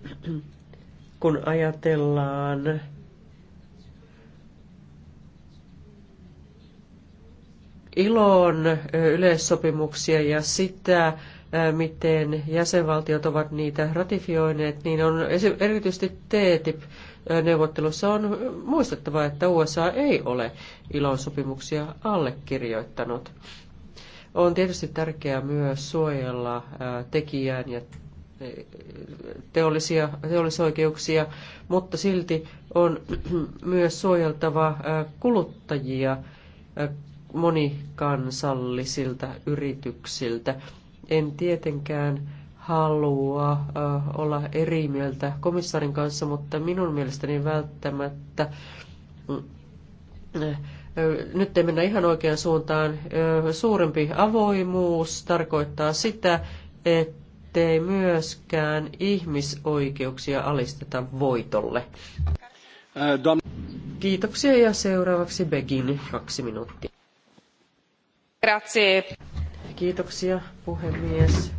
kun ajatellaan ilon yleissopimuksia ja sitä, miten jäsenvaltiot ovat niitä ratifioineet, niin on erityisesti TTIP e neuvottelussa on muistettava, että USA ei ole ilon sopimuksia allekirjoittanut. On tietysti tärkeää myös suojella tekijään ja teollisia, teollisoikeuksia, mutta silti on myös suojeltava kuluttajia monikansallisilta yrityksiltä. En tietenkään halua äh, olla eri mieltä komissaarin kanssa, mutta minun mielestäni välttämättä äh, nyt ei mennä ihan oikeaan suuntaan. Äh, suurempi avoimuus tarkoittaa sitä, ettei myöskään ihmisoikeuksia alisteta voitolle. Kiitoksia ja seuraavaksi Begin kaksi minuuttia. Grazie. Kiitoksia puhemies.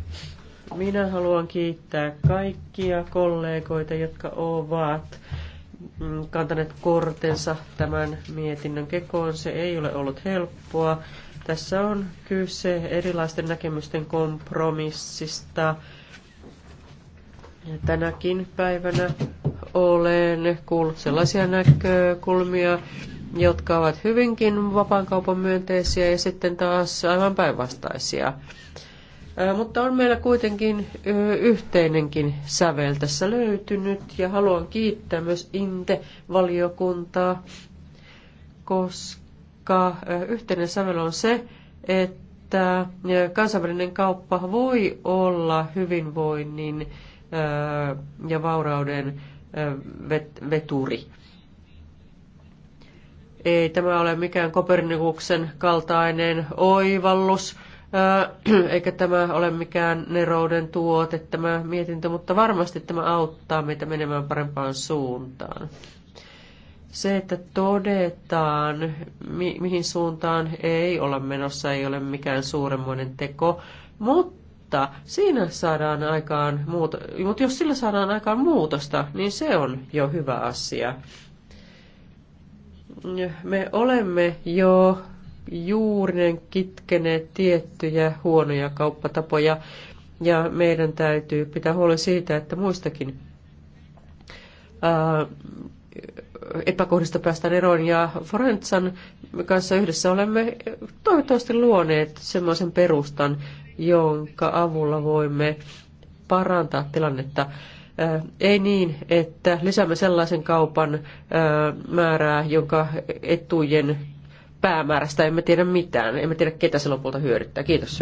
Minä haluan kiittää kaikkia kollegoita, jotka ovat mm, kantaneet kortensa tämän mietinnön kekoon. Se ei ole ollut helppoa. Tässä on kyse erilaisten näkemysten kompromissista. Tänäkin päivänä olen kuullut sellaisia näkökulmia, jotka ovat hyvinkin vapaankaupan myönteisiä ja sitten taas aivan päinvastaisia. Mutta on meillä kuitenkin yhteinenkin sävel tässä löytynyt ja haluan kiittää myös INTE-valiokuntaa, koska yhteinen sävel on se, että kansainvälinen kauppa voi olla hyvinvoinnin ja vaurauden veturi. Ei tämä ole mikään Kopernikuksen kaltainen oivallus, äh, eikä tämä ole mikään nerouden tuote tämä mietintö, mutta varmasti tämä auttaa meitä menemään parempaan suuntaan. Se, että todetaan, mi- mihin suuntaan ei olla menossa, ei ole mikään suuremmoinen teko, mutta siinä saadaan aikaan muuto- mutta jos sillä saadaan aikaan muutosta, niin se on jo hyvä asia me olemme jo juurinen kitkeneet tiettyjä huonoja kauppatapoja ja meidän täytyy pitää huoli siitä, että muistakin ää, äh, epäkohdista päästään eroon. Ja Forensan kanssa yhdessä olemme toivottavasti luoneet semmoisen perustan, jonka avulla voimme parantaa tilannetta. Ei niin, että lisäämme sellaisen kaupan määrää, jonka etujen päämäärästä emme tiedä mitään. Emme tiedä, ketä se lopulta hyödyttää. Kiitos.